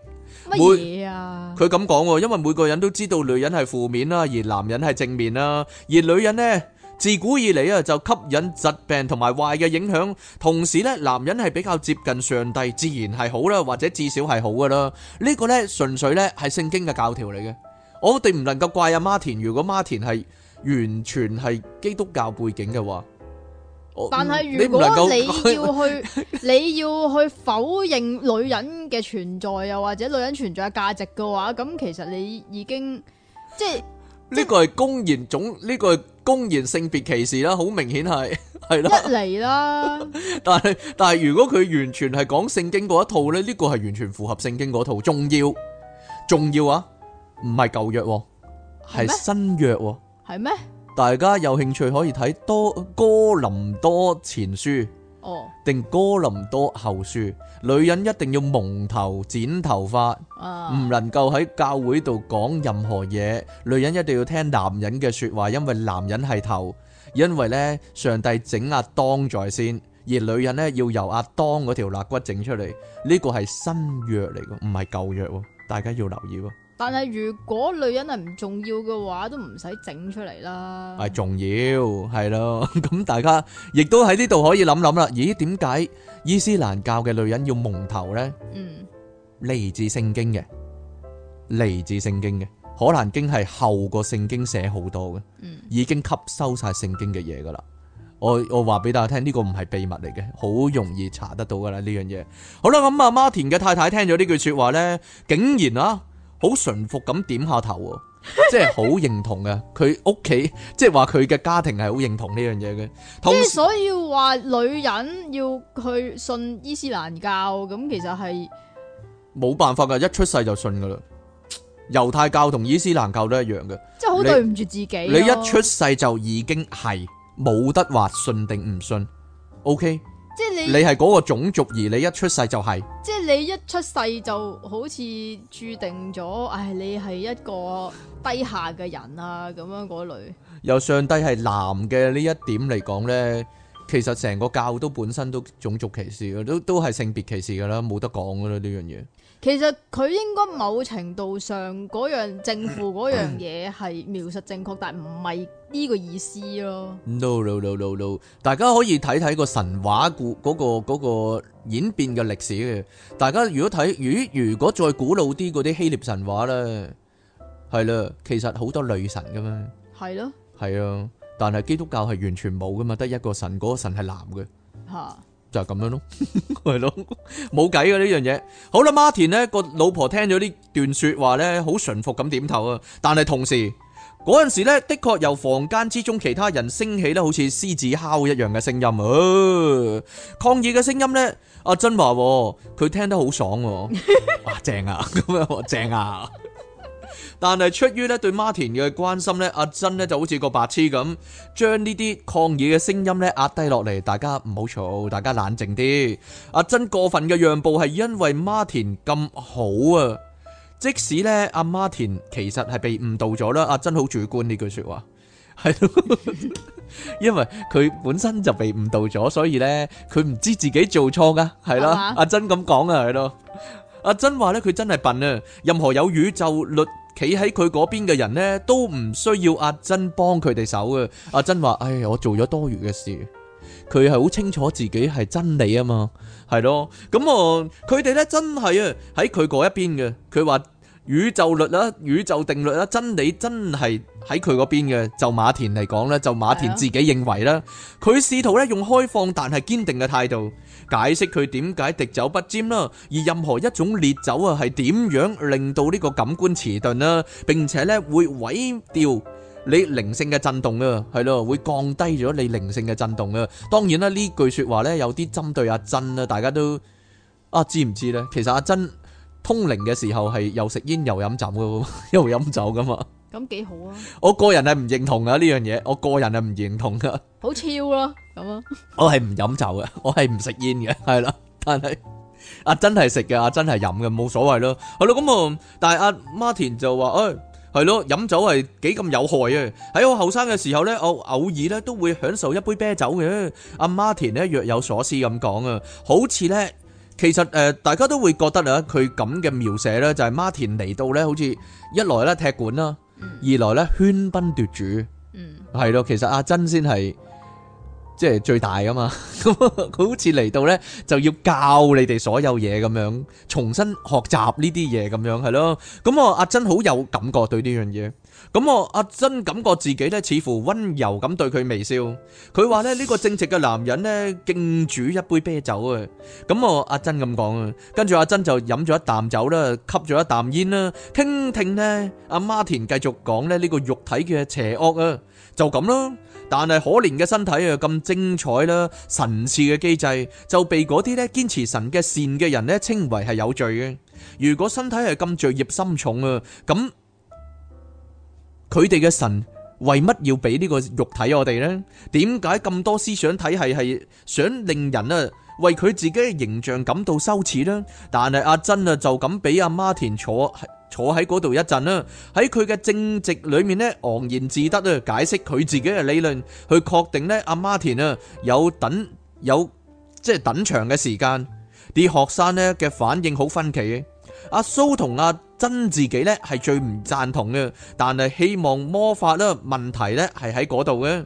A: 乜嘢啊？佢咁講，因為每個人都知道女人係負面啦，而男人係正面啦，而女人呢，自古以嚟啊就吸引疾病同埋壞嘅影響，同時呢，男人係比較接近上帝，自然係好啦，或者至少係好嘅啦。呢、這個呢，純粹呢係聖經嘅教條嚟嘅，我哋唔能夠怪阿馬汀，如果馬汀係完全係基督教背景嘅話。但係如果你要去，
B: 你要去否認女人嘅存在，又或者女人存在嘅價值嘅話，咁其實你已經，即係
A: 呢個係公然總，呢個係公然性別歧視啦，好明顯係係啦，一嚟啦。但係但係如果佢完全係講聖經嗰一套咧，呢個係完全符合聖經嗰套，重要，重要啊，唔係舊約，
B: 係新約，係咩？
A: 大家有興趣可以睇《多哥林多前書》定《oh. 哥林多後書》。女人一定要蒙頭剪頭髮，唔、oh. 能夠喺教會度講任何嘢。女人一定要聽男人嘅説話，因為男人係頭。因為呢，上帝整阿當在先，而女人呢，要由阿當嗰條肋骨整出嚟，呢個係新約嚟嘅，唔係舊約喎。大家要留意喎。
B: 但係如果女人係唔重要嘅話，都唔使整出嚟啦。
A: 係重要，係咯。咁 *laughs* 大家亦都喺呢度可以諗諗啦。咦，點解伊斯蘭教嘅女人要蒙頭咧？嗯，嚟自聖經嘅，嚟自聖經嘅。可蘭經係後個聖經寫好多嘅，嗯、已經吸收晒聖經嘅嘢噶啦。我我話俾大家聽，呢、這個唔係秘密嚟嘅，好容易查得到噶啦呢樣嘢。好啦，咁阿馬汀嘅太太聽咗呢句說話咧，竟然啊！好順服咁點下頭喎，即係好認同嘅。佢屋企即係話佢嘅家庭係好認同呢樣嘢嘅。之所
B: 以話女人要去信伊斯蘭教咁，其實係
A: 冇辦法噶，一出世就信噶啦。猶太教同伊斯蘭教都一樣嘅，即係好對唔
B: 住自己你。你一出
A: 世就已經係冇得話信定唔信。OK。即係你，你係嗰個種族，而你一出世就係、
B: 是，即係你一出世就好似注定咗，唉，你係一個低下嘅人啊，咁樣嗰類。
A: 由上帝係男嘅呢一點嚟講呢，其實成個教都本身都種族歧視嘅，都都係性別歧視噶啦，冇得講噶啦呢樣嘢。這個
B: 其實佢應該某程度上嗰樣政府嗰樣嘢係描述正確，嗯、但唔係呢個意思咯。
A: No no no no no！大家可以睇睇個神話故、嗰、嗰個、嗰個嗰個演變嘅歷史嘅。大家如果睇如如果再古老啲嗰啲希臘神話咧，係啦，其實好多女神噶嘛。
B: 係咯的。
A: 係啊，但係基督教係完全冇噶嘛，得一個神，嗰、嗰個神係男嘅。吓。就咁樣咯，係 *laughs* 咯，冇計噶呢樣嘢。好啦，Martin 呢個老婆聽咗呢段說話呢，好順服咁點頭啊。但係同時嗰陣時咧，的確由房間之中其他人升起咧，好似獅子哮一樣嘅聲音，呃，抗議嘅聲音呢，阿珍華佢聽得好爽，哇正啊，咁 *laughs* 樣正啊。 *laughs* 但係出於咧，對 Martin 嘅關心咧，阿珍咧，就好似個白痴咁，將呢啲抗議嘅聲音咧壓低落嚟，大家唔好嘈，大家冷靜啲。阿珍過分嘅讓步係因為 Martin 咁好啊，即使咧阿 Martin 其實係被誤導咗啦，阿珍好主觀呢句說話係咯， *laughs* *laughs* 因為佢本身就被誤導咗，所以咧佢唔知自己做錯噶，係啦、uh huh.，阿珍咁講啊，係咯，阿珍話咧佢真係笨啊，任何有宇宙。律。企喺佢嗰邊嘅人呢，都唔需要阿珍幫佢哋手嘅。阿珍話，哎，我做咗多餘嘅事。佢係好清楚自己係真理啊嘛，係咯。咁、嗯、啊，佢哋呢真係啊喺佢嗰一邊嘅。佢話宇宙律啦，宇宙定律啦，真理真係喺佢嗰邊嘅。就馬汀嚟講呢，就馬汀自己認為啦，佢試圖呢用開放但係堅定嘅態度。解釋佢點解滴酒不沾啦，而任何一種烈酒啊係點樣令到呢個感官遲鈍啦，並且呢會毀掉你靈性嘅震動啊，係咯，會降低咗你靈性嘅震動啊。當然啦，呢句說話呢有啲針對阿珍啊。大家都啊知唔知呢？其實阿珍通靈嘅時候係又食煙又飲酒噶，又飲酒噶嘛。
B: 咁幾好
A: 啊！我個人係唔認同噶呢樣嘢，我個人係唔認同噶。
B: 好超咯，咁
A: 啊！我係唔飲酒嘅，我係唔食煙嘅，係啦。但係阿珍係食嘅，阿珍係飲嘅，冇所謂咯。係咯，咁啊。但係阿馬汀就話：誒，係咯，飲酒係幾咁有害啊！喺我後生嘅時候咧，我偶爾咧都會享受一杯啤酒嘅。阿馬汀咧，若有所思咁講啊，好似咧，其實誒，大家都會覺得啊，佢咁嘅描寫咧，就係馬汀嚟到咧，好似一來咧踢館啦。二來咧，喧賓奪主，係咯、嗯，其實阿珍先係。即係最大噶嘛，咁佢好似嚟到咧就要教你哋所有嘢咁樣，重新學習呢啲嘢咁樣係咯。咁啊，阿珍好有感覺對呢樣嘢。咁啊，阿珍感覺自己咧似乎溫柔咁對佢微笑。佢話咧呢個正直嘅男人咧敬煮一杯啤酒啊。咁啊，阿珍咁講啊，跟住阿珍就飲咗一啖酒啦，吸咗一啖煙啦，傾聽咧阿馬汀繼續講咧呢個肉體嘅邪惡啊，就咁咯。但係可憐嘅身體啊，咁精彩啦，神賜嘅機制就被嗰啲咧堅持神嘅善嘅人咧稱為係有罪嘅。如果身體係咁罪孽深重啊，咁佢哋嘅神為乜要俾呢個肉體我哋呢？點解咁多思想體系係想令人啊為佢自己嘅形象感到羞恥呢？但係阿珍啊，就咁俾馬汀坐。坐喺嗰度一陣啦，喺佢嘅正直裏面咧，昂然自得咧解釋佢自己嘅理論，去確定咧阿 m 馬田汀啊有等有即係、就是、等長嘅時間，啲學生咧嘅反應好分歧嘅，阿蘇同阿珍自己咧係最唔贊同嘅，但係希望魔法咧問題咧係喺嗰度嘅。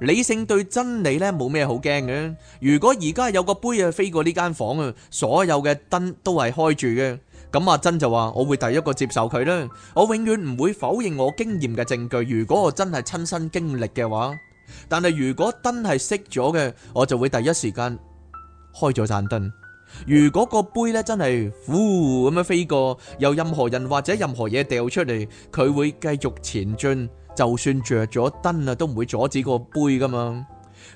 A: 理性對真理咧冇咩好驚嘅。如果而家有個杯啊飛過呢間房啊，所有嘅燈都係開住嘅。咁阿珍就話我會第一個接受佢啦。我永遠唔會否認我經驗嘅證據。如果我真係親身經歷嘅話，但係如果燈係熄咗嘅，我就會第一時間開咗盞燈。如果個杯咧真係呼咁樣飛過，有任何人或者任何嘢掉出嚟，佢會繼續前進。就算着咗燈啊，都唔會阻止個杯噶嘛。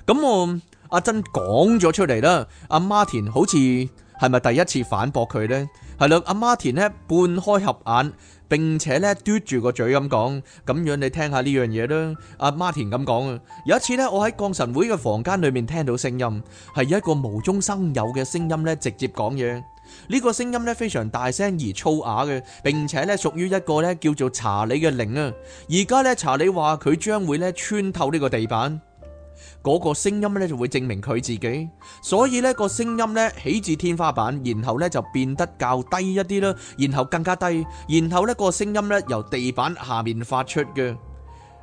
A: 咁我阿珍講咗出嚟啦，阿、啊、Martin 好似係咪第一次反駁佢呢？係啦，阿 m a r 馬汀咧半開合眼並且咧嘟住個嘴咁講，咁樣你聽下呢、啊、樣嘢啦。阿 Martin 咁講啊，有一次咧，我喺降神會嘅房間裏面聽到聲音，係一個無中生有嘅聲音咧，直接講嘢。呢個聲音咧非常大聲而粗啞嘅，並且咧屬於一個咧叫做查理嘅靈啊！而家咧查理話佢將會咧穿透呢個地板，嗰個聲音咧就會證明佢自己。所以呢個聲音咧起自天花板，然後呢就變得較低一啲啦，然後更加低，然後呢個聲音咧由地板下面發出嘅。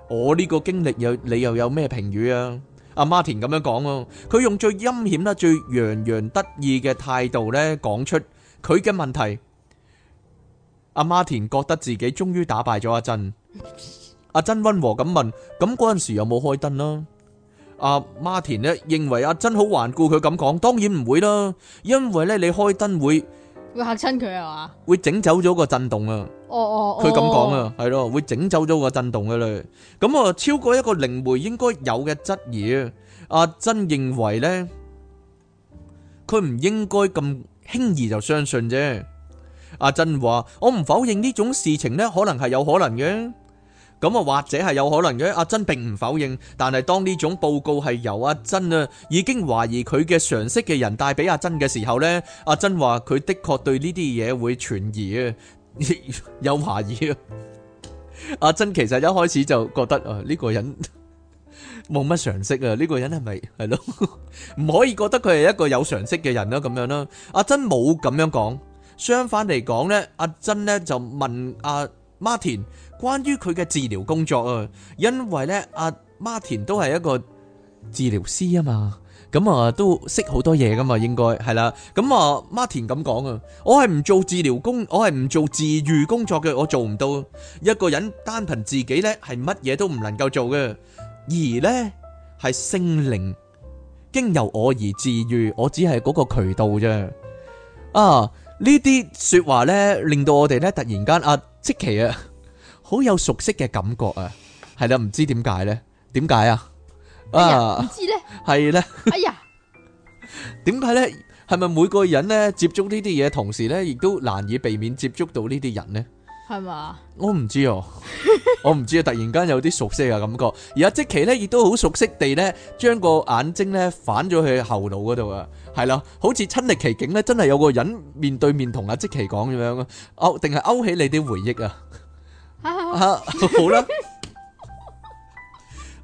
A: 我呢個經歷又你又有咩評語啊？阿馬汀咁樣講咯，佢用最陰險啦、最洋洋得意嘅態度咧講出佢嘅問題。阿馬汀覺得自己終於打敗咗阿珍。阿珍溫和咁問：咁嗰陣時有冇開燈啊？阿馬汀咧認為阿珍好頑固，佢咁講，當然唔會啦，因為咧你開燈會
B: 會吓親佢啊嘛，
A: 會整走咗個震動啊。
B: 佢咁講啊，
A: 係咯，會整走咗個震動嘅咧。咁啊，超過一個靈媒應該有嘅質疑，阿珍認為呢，佢唔應該咁輕易就相信啫。阿珍話，我唔否認呢種事情呢，可能係有可能嘅。咁啊，或者係有可能嘅。阿珍並唔否認，但係當呢種報告係由阿珍啊，已經懷疑佢嘅常識嘅人帶俾阿珍嘅時候呢，阿珍話佢的確對呢啲嘢會存疑啊。 *laughs* 有懷懷疑啊！ *laughs* 阿珍其實一開始就覺得啊，呢、呃這個人冇乜常識啊。呢、這個人係咪係咯？唔 *laughs* 可以覺得佢係一個有常識嘅人啦、啊。咁樣啦、啊，阿珍冇咁樣講，相反嚟講咧，阿珍咧就問阿、啊、Martin 關於佢嘅治療工作啊，因為咧阿、啊、Martin 都係一個治療師啊嘛。咁啊，都識好多嘢噶嘛，應該係啦。咁啊，Martin 咁講啊，我係唔做治療工，我係唔做治愈工作嘅，我做唔到一個人單憑自己呢，係乜嘢都唔能夠做嘅。而呢係聖靈經由我而治愈，我只係嗰個渠道啫。啊，呢啲說話呢，令到我哋呢突然間啊，Ziki 啊，好有熟悉嘅感覺啊，係啦，唔知點解呢？點解啊？啊，唔知咧，係咧，哎呀，點解咧？係咪呢 *laughs* 每個人咧接觸呢啲嘢，同時咧亦都難以避免接觸到呢啲人咧？
B: 係嘛嗎？
A: 我唔知哦， *laughs* 我唔知啊！突然間有啲熟悉嘅感覺，而阿積奇咧亦都好熟悉地咧，將個眼睛咧反咗去後腦嗰度啊！係啦，好似親歷其境咧，真係有個人面對面同阿積奇講咁樣啊！勾、哦，定係勾起你啲回憶啊，好啦。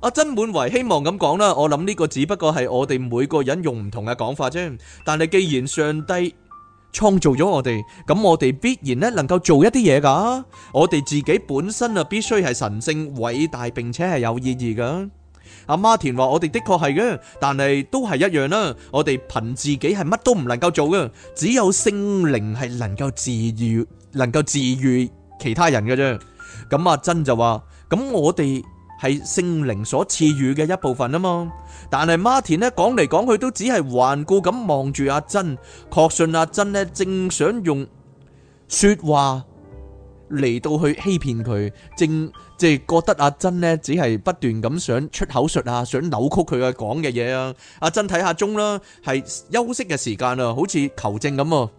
A: 阿珍滿懷希望咁講啦，我諗呢個只不過係我哋每個人用唔同嘅講法啫。但係既然上帝創造咗我哋，咁我哋必然咧能夠做一啲嘢噶。我哋自己本身啊必須係神聖偉大，並且係有意義噶。阿馬汀話我哋的確係嘅，但係都係一樣啦。我哋憑自己係乜都唔能夠做嘅，只有聖靈係能夠治愈，能夠治愈其他人嘅啫。咁阿珍就話：，咁我哋。係聖靈所賜予嘅一部分啊！嘛，但係馬汀咧講嚟講去都只係頑固咁望住阿珍，確信阿珍咧正想用說話嚟到去欺騙佢，正即係覺得阿珍咧只係不斷咁想出口術啊，想扭曲佢啊講嘅嘢啊。阿珍睇下鐘啦，係休息嘅時間啊，好似求證咁啊。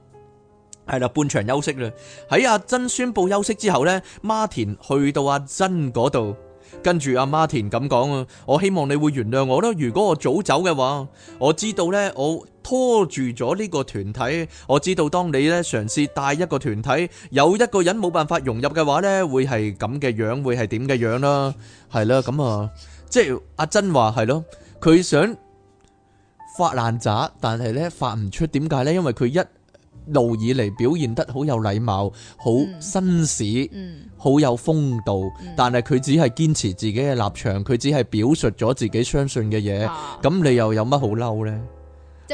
A: 係啦，半場休息啦。喺阿珍宣布休息之後咧，馬汀去到阿珍嗰度。跟住阿 Martin 咁講啊，我希望你會原諒我咯。如果我早走嘅話，我知道呢，我拖住咗呢個團體。我知道當你呢嘗試帶一個團體，有一個人冇辦法融入嘅話呢，會係咁嘅樣，會係點嘅樣啦。係啦，咁啊，即係阿珍話係咯，佢想發爛渣，但係呢發唔出，點解呢？因為佢一。路以嚟表現得好有禮貌，好紳士，好有風度，但係佢只係堅持自己嘅立場，佢只係表述咗自己相信嘅嘢。咁你又有乜好嬲呢？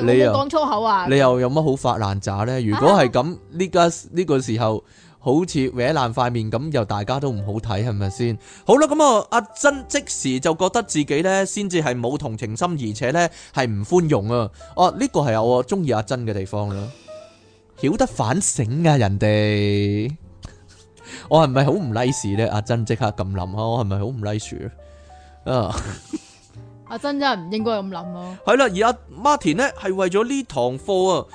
A: 你又
B: 講粗口啊？你
A: 又有乜好發爛渣呢？如果係咁，呢家呢個時候好似搲爛塊面咁，又大家都唔好睇，係咪先？好啦，咁啊，阿珍即時就覺得自己呢，先至係冇同情心，而且呢係唔寬容啊！啊，呢個係我中意阿珍嘅地方啦。曉得反省啊！人哋 *laughs* 我係咪好唔 like 咧？阿珍即刻咁諗啊！我係咪好唔 like 啊？
B: 阿珍真係唔應該咁諗咯。
A: 係啦，而阿 Martin 咧係為咗呢堂課啊，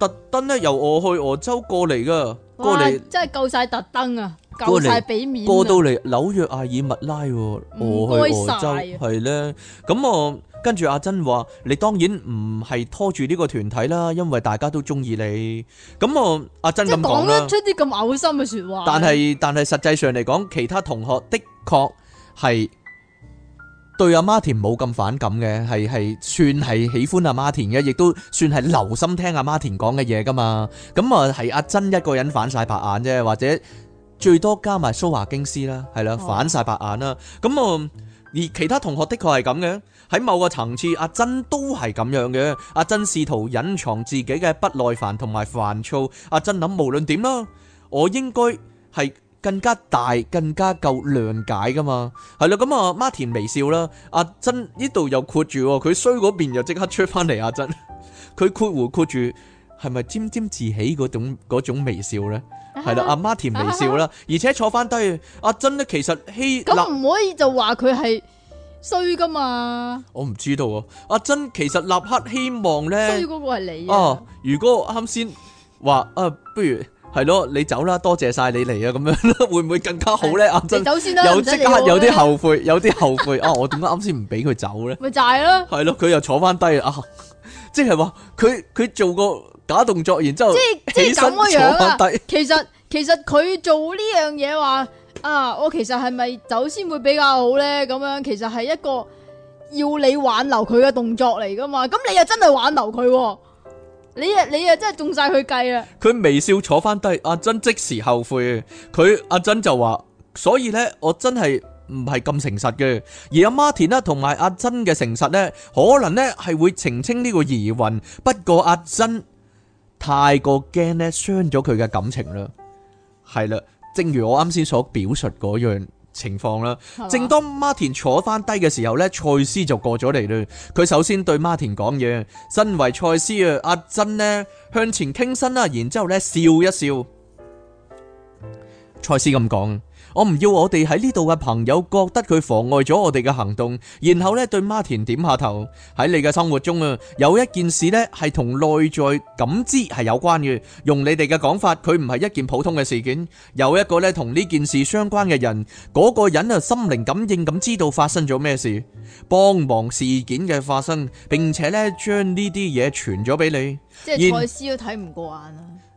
A: 特登咧由我去澳洲過嚟噶。嚟哇，過嚟
B: 真係夠晒特登啊！過嚟過到嚟
A: 紐約艾爾麥拉，哦，我去俄州係咧。咁我跟住阿珍話，嗯、你當然唔係拖住呢個團體啦，因為大家都中意你。咁我阿珍咁講啦。即係得出
B: 啲咁嘔心嘅說話但。但係
A: 但係實際上嚟講，其他同學的確係對阿馬汀冇咁反感嘅，係係算係喜歡阿馬汀嘅，亦都算係留心聽阿馬汀講嘅嘢噶嘛。咁啊係阿珍一個人反晒白眼啫，或者。最多加埋蘇華京師啦，係啦，反晒白眼啦。咁啊，而其他同學的確係咁嘅，喺某個層次，阿珍都係咁樣嘅。阿珍試圖隱藏自己嘅不耐煩同埋煩躁。阿珍諗，無論點啦，我應該係更加大、更加夠諒解噶嘛。係啦，咁啊，Martin 微笑啦。阿珍呢度又括住，佢衰嗰邊又即刻出翻嚟。阿珍佢括弧括住。係咪沾沾自喜嗰種種微笑咧？係啦，阿 Martin 微笑啦，而且坐翻低，阿珍咧其實希咁唔
B: 可以就話佢係衰噶嘛？
A: 我唔知道啊，阿珍其實立刻希望咧衰嗰個係你啊！如果啱先話啊，不如係咯，你走啦，多謝晒你嚟啊，咁樣會唔會更加好咧？阿珍有即刻有啲後悔，有啲後悔啊！我點解啱先唔俾佢走咧？
B: 咪就係咯，
A: 係咯，佢又坐翻低啊！即係話佢佢做個。假動作，然之後身即身、啊、坐翻下低。
B: 其實其實佢做呢樣嘢話啊，我其實係咪走先會比較好呢？咁樣其實係一個要你挽留佢嘅動作嚟噶嘛。咁你又真係挽留佢、啊，你啊你啊真係中晒佢計啦！
A: 佢微笑坐翻低，阿珍即時後悔。佢阿珍就話：所以呢，我真係唔係咁誠實嘅。而阿馬汀啦，同埋阿珍嘅誠實呢，可能呢係會澄清呢個疑雲。不過阿珍……太過驚咧，傷咗佢嘅感情啦，係啦，正如我啱先所表述嗰樣情況啦。啊、正當馬汀坐翻低嘅時候咧，賽斯就過咗嚟啦。佢首先對馬汀講嘢，身為賽斯啊，阿珍呢，向前傾身啦，然之後咧笑一笑。賽斯咁講，我唔要我哋喺呢度嘅朋友覺得佢妨礙咗我哋嘅行動，然後呢對馬汀點下頭。喺你嘅生活中啊，有一件事呢係同內在感知係有關嘅。用你哋嘅講法，佢唔係一件普通嘅事件。有一個呢同呢件事相關嘅人，嗰個人啊心靈感應咁知道發生咗咩事，幫忙事件嘅發生，並且呢將呢啲嘢傳咗俾你。即係賽
B: 斯都睇唔過眼
A: 啊！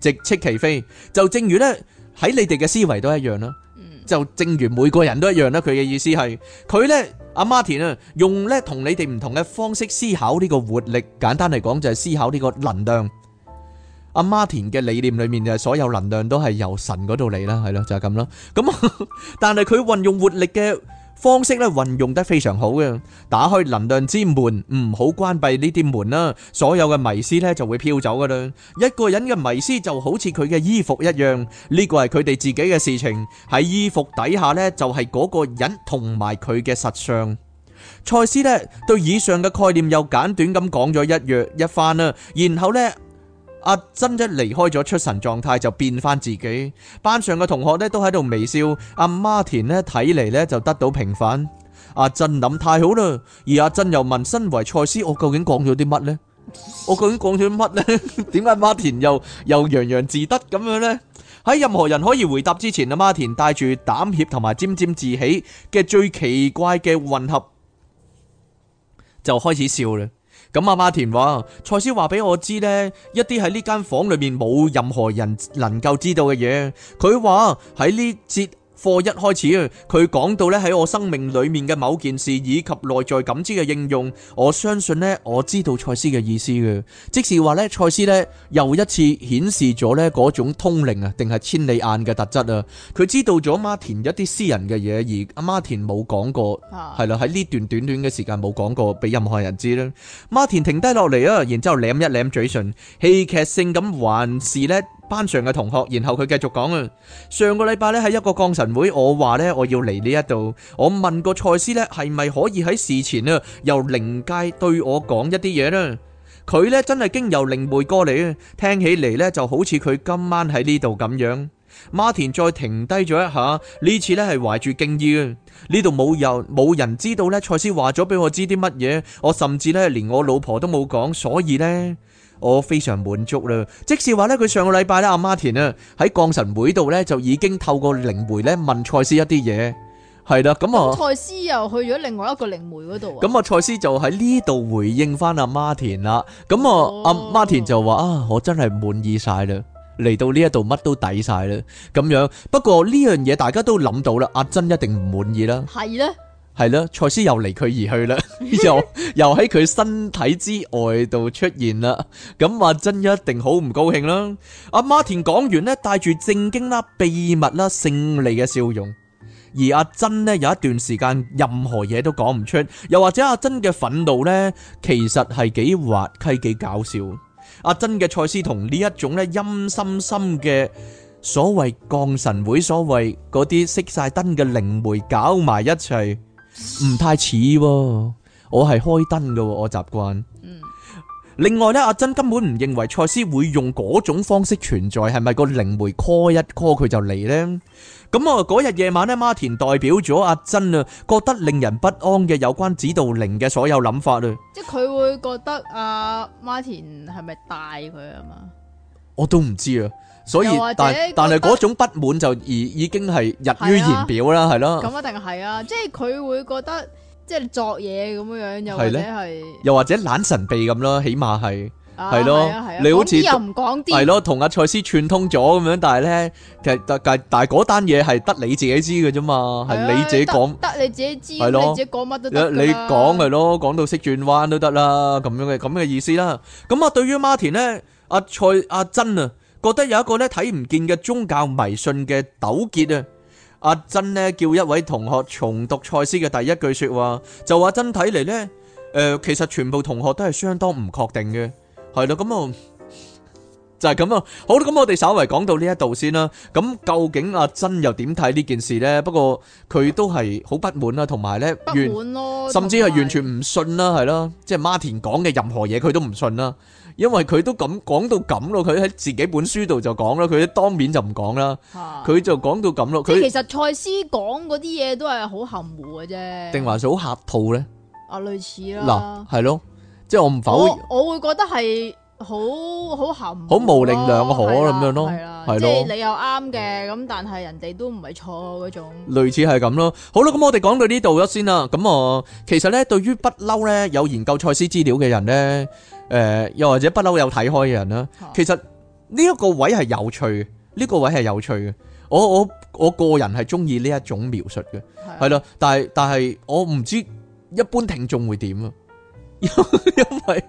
A: 直斥其非，就正如呢喺你哋嘅思維都一樣啦，就正如每個人都一樣啦。佢嘅意思係，佢呢阿 Martin 啊，用呢同你哋唔同嘅方式思考呢個活力。簡單嚟講就係思考呢個能量。阿 Martin 嘅理念裏面就係所有能量都係由神嗰度嚟啦，係咯就係咁咯。咁但係佢運用活力嘅方式咧，運用得非常好嘅，打開能量之門，唔好關閉呢啲門啦。所有嘅迷思咧就會飄走噶啦。一個人嘅迷思就好似佢嘅衣服一樣，呢個係佢哋自己嘅事情。喺衣服底下呢，就係嗰個人同埋佢嘅實相。賽斯咧對以上嘅概念又簡短咁講咗一約一番啦，然後呢。阿珍一離開咗出神狀態，就變翻自己班上嘅同學咧，都喺度微笑。阿馬汀咧睇嚟咧就得到平反。阿珍諗太好啦，而阿珍又問身為賽斯，我究竟講咗啲乜呢？我究竟講咗乜呢？點解馬汀又又洋洋自得咁樣呢？喺任何人可以回答之前，阿馬汀帶住膽怯同埋沾沾自喜嘅最奇怪嘅混合，就開始笑啦。咁阿馬汀話，賽斯話俾我知咧，一啲喺呢間房裏面冇任何人能夠知道嘅嘢，佢話喺呢節。課一開始啊，佢講到咧喺我生命裏面嘅某件事以及內在感知嘅應用，我相信咧我知道賽斯嘅意思嘅，即是話咧賽斯咧又一次顯示咗咧嗰種通靈啊，定係千里眼嘅特質啊，佢知道咗馬汀一啲私人嘅嘢，而阿馬汀冇講過，係啦、oh，喺呢段短短嘅時間冇講過俾任何人知啦。馬汀停低落嚟啊，然之後舐一舐嘴唇，戲劇性咁還是咧。班上嘅同學，然後佢繼續講啊，上個禮拜呢，喺一個降神會，我話呢，我要嚟呢一度，我問過賽斯呢，係咪可以喺事前啊由靈界對我講一啲嘢咧？佢呢真係經由靈媒過嚟啊，聽起嚟呢就好似佢今晚喺呢度咁樣。馬汀再停低咗一下，呢次呢係懷住敬意啊，呢度冇人冇人知道呢，賽斯話咗俾我知啲乜嘢，我甚至呢連我老婆都冇講，所以呢。我非常滿足啦，即使話咧，佢上個禮拜咧，阿馬汀啊喺降神會度咧，就已經透過靈媒咧問賽斯一啲嘢，係啦，咁啊，賽
B: 斯又去咗另外一個靈媒嗰度，
A: 咁啊，賽斯就喺呢度回應返阿馬汀啦，咁啊，阿馬汀就話啊，我真係滿意晒啦，嚟到呢一度乜都抵晒啦，咁樣，不過呢樣嘢大家都諗到啦，阿珍一定唔滿意啦，係咧。係咯，蔡思又離佢而去啦，又又喺佢身體之外度出現啦。咁阿珍一定好唔高興啦。阿馬田講完呢，帶住正經啦、啊、秘密啦、啊、勝利嘅笑容。而阿珍呢，有一段時間任何嘢都講唔出，又或者阿珍嘅憤怒呢，其實係幾滑稽、幾搞笑。阿珍嘅蔡思同呢一種咧陰森森嘅所謂降神會、所謂嗰啲熄晒燈嘅靈媒搞埋一齊。唔太似喎。哦，我係開燈嘅，我習慣。嗯，另外呢，阿珍根本唔認為賽斯會用嗰種方式存在，係咪個靈媒 call 一 call 佢就嚟呢？咁、嗯、啊，嗰日夜晚咧，馬汀代表咗阿珍啊，覺得令人不安嘅有關指導靈嘅所有諗法啊，
B: 即係佢會覺得阿馬汀係咪帶佢啊嘛？是是
A: 我都唔知啊。所以，但但係嗰種不滿就已已經係溢於言表啦，係咯。咁一
B: 定係啊，即係佢會覺得，即係作嘢咁樣樣又係咧，係
A: 又或者懶神秘咁咯，起碼係係咯，你好似又唔
B: 講啲，係咯，
A: 同阿賽斯串通咗咁樣，但係咧，其實但但但係嗰單嘢係得你自己知嘅啫嘛，係你自己講，得
B: 你自己知，係咯，你自己講乜都得，你講
A: 係咯，講到識轉彎都得啦，咁樣嘅咁嘅意思啦。咁啊，對於馬汀咧，阿蔡阿珍啊。覺得有一個咧睇唔見嘅宗教迷信嘅糾結啊！阿珍咧叫一位同學重讀賽斯嘅第一句說話，就話真睇嚟呢，誒、呃，其實全部同學都係相當唔確定嘅，係咯，咁啊，就係咁啊，好啦，咁我哋稍為講到呢一度先啦。咁究竟阿珍又點睇呢件事呢？不過佢都係好不滿啊，同埋呢，咧，不滿甚至係完全唔信啦，係咯還有，即係馬汀講嘅任何嘢，佢都唔信啦。因為佢都咁講到咁咯，佢喺自己本書度就講啦，佢當面就唔講啦，佢就講到咁咯。即係其實
B: 賽斯講嗰啲嘢都係好含糊嘅啫，定
A: 還是好客套咧？
B: 啊，類似啦，嗱，
A: 係咯，即係我唔否，
B: 我我會覺得係好好含，好模棱
A: 兩可咁樣咯。係啦。即係你
B: 又啱嘅，咁但係人哋都唔係錯嗰種，
A: 類似係咁咯。好啦，咁我哋講到呢度咗先啦。咁啊，其實咧，對於不嬲咧有研究賽斯資料嘅人咧，誒、呃，又或者不嬲有睇開嘅人啦，其實呢一個位係有趣，呢、這個位係有趣嘅。我我我個人係中意呢一種描述嘅，係啦的，但係但係我唔知一般聽眾會點啊。因因為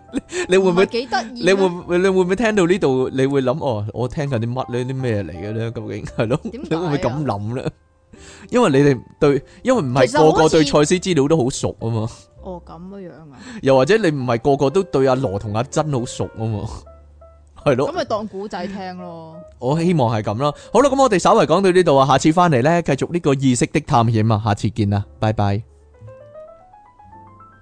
A: 你會唔會，你會你會唔會聽到呢度你會諗，哦，我聽緊啲乜咧？啲咩嚟嘅咧？究竟係咯，你會唔會咁諗咧？因為你哋對，因為唔係個個對賽斯資料都好熟啊嘛。哦咁樣啊。又或者你唔係個個都對阿羅同阿珍好熟啊嘛。係咯。咁
B: 咪當古仔聽咯。
A: 我希望係咁咯。好啦，咁我哋稍微講到呢度啊，下次翻嚟咧繼續呢個意識的探險啊，下次見啦，拜拜。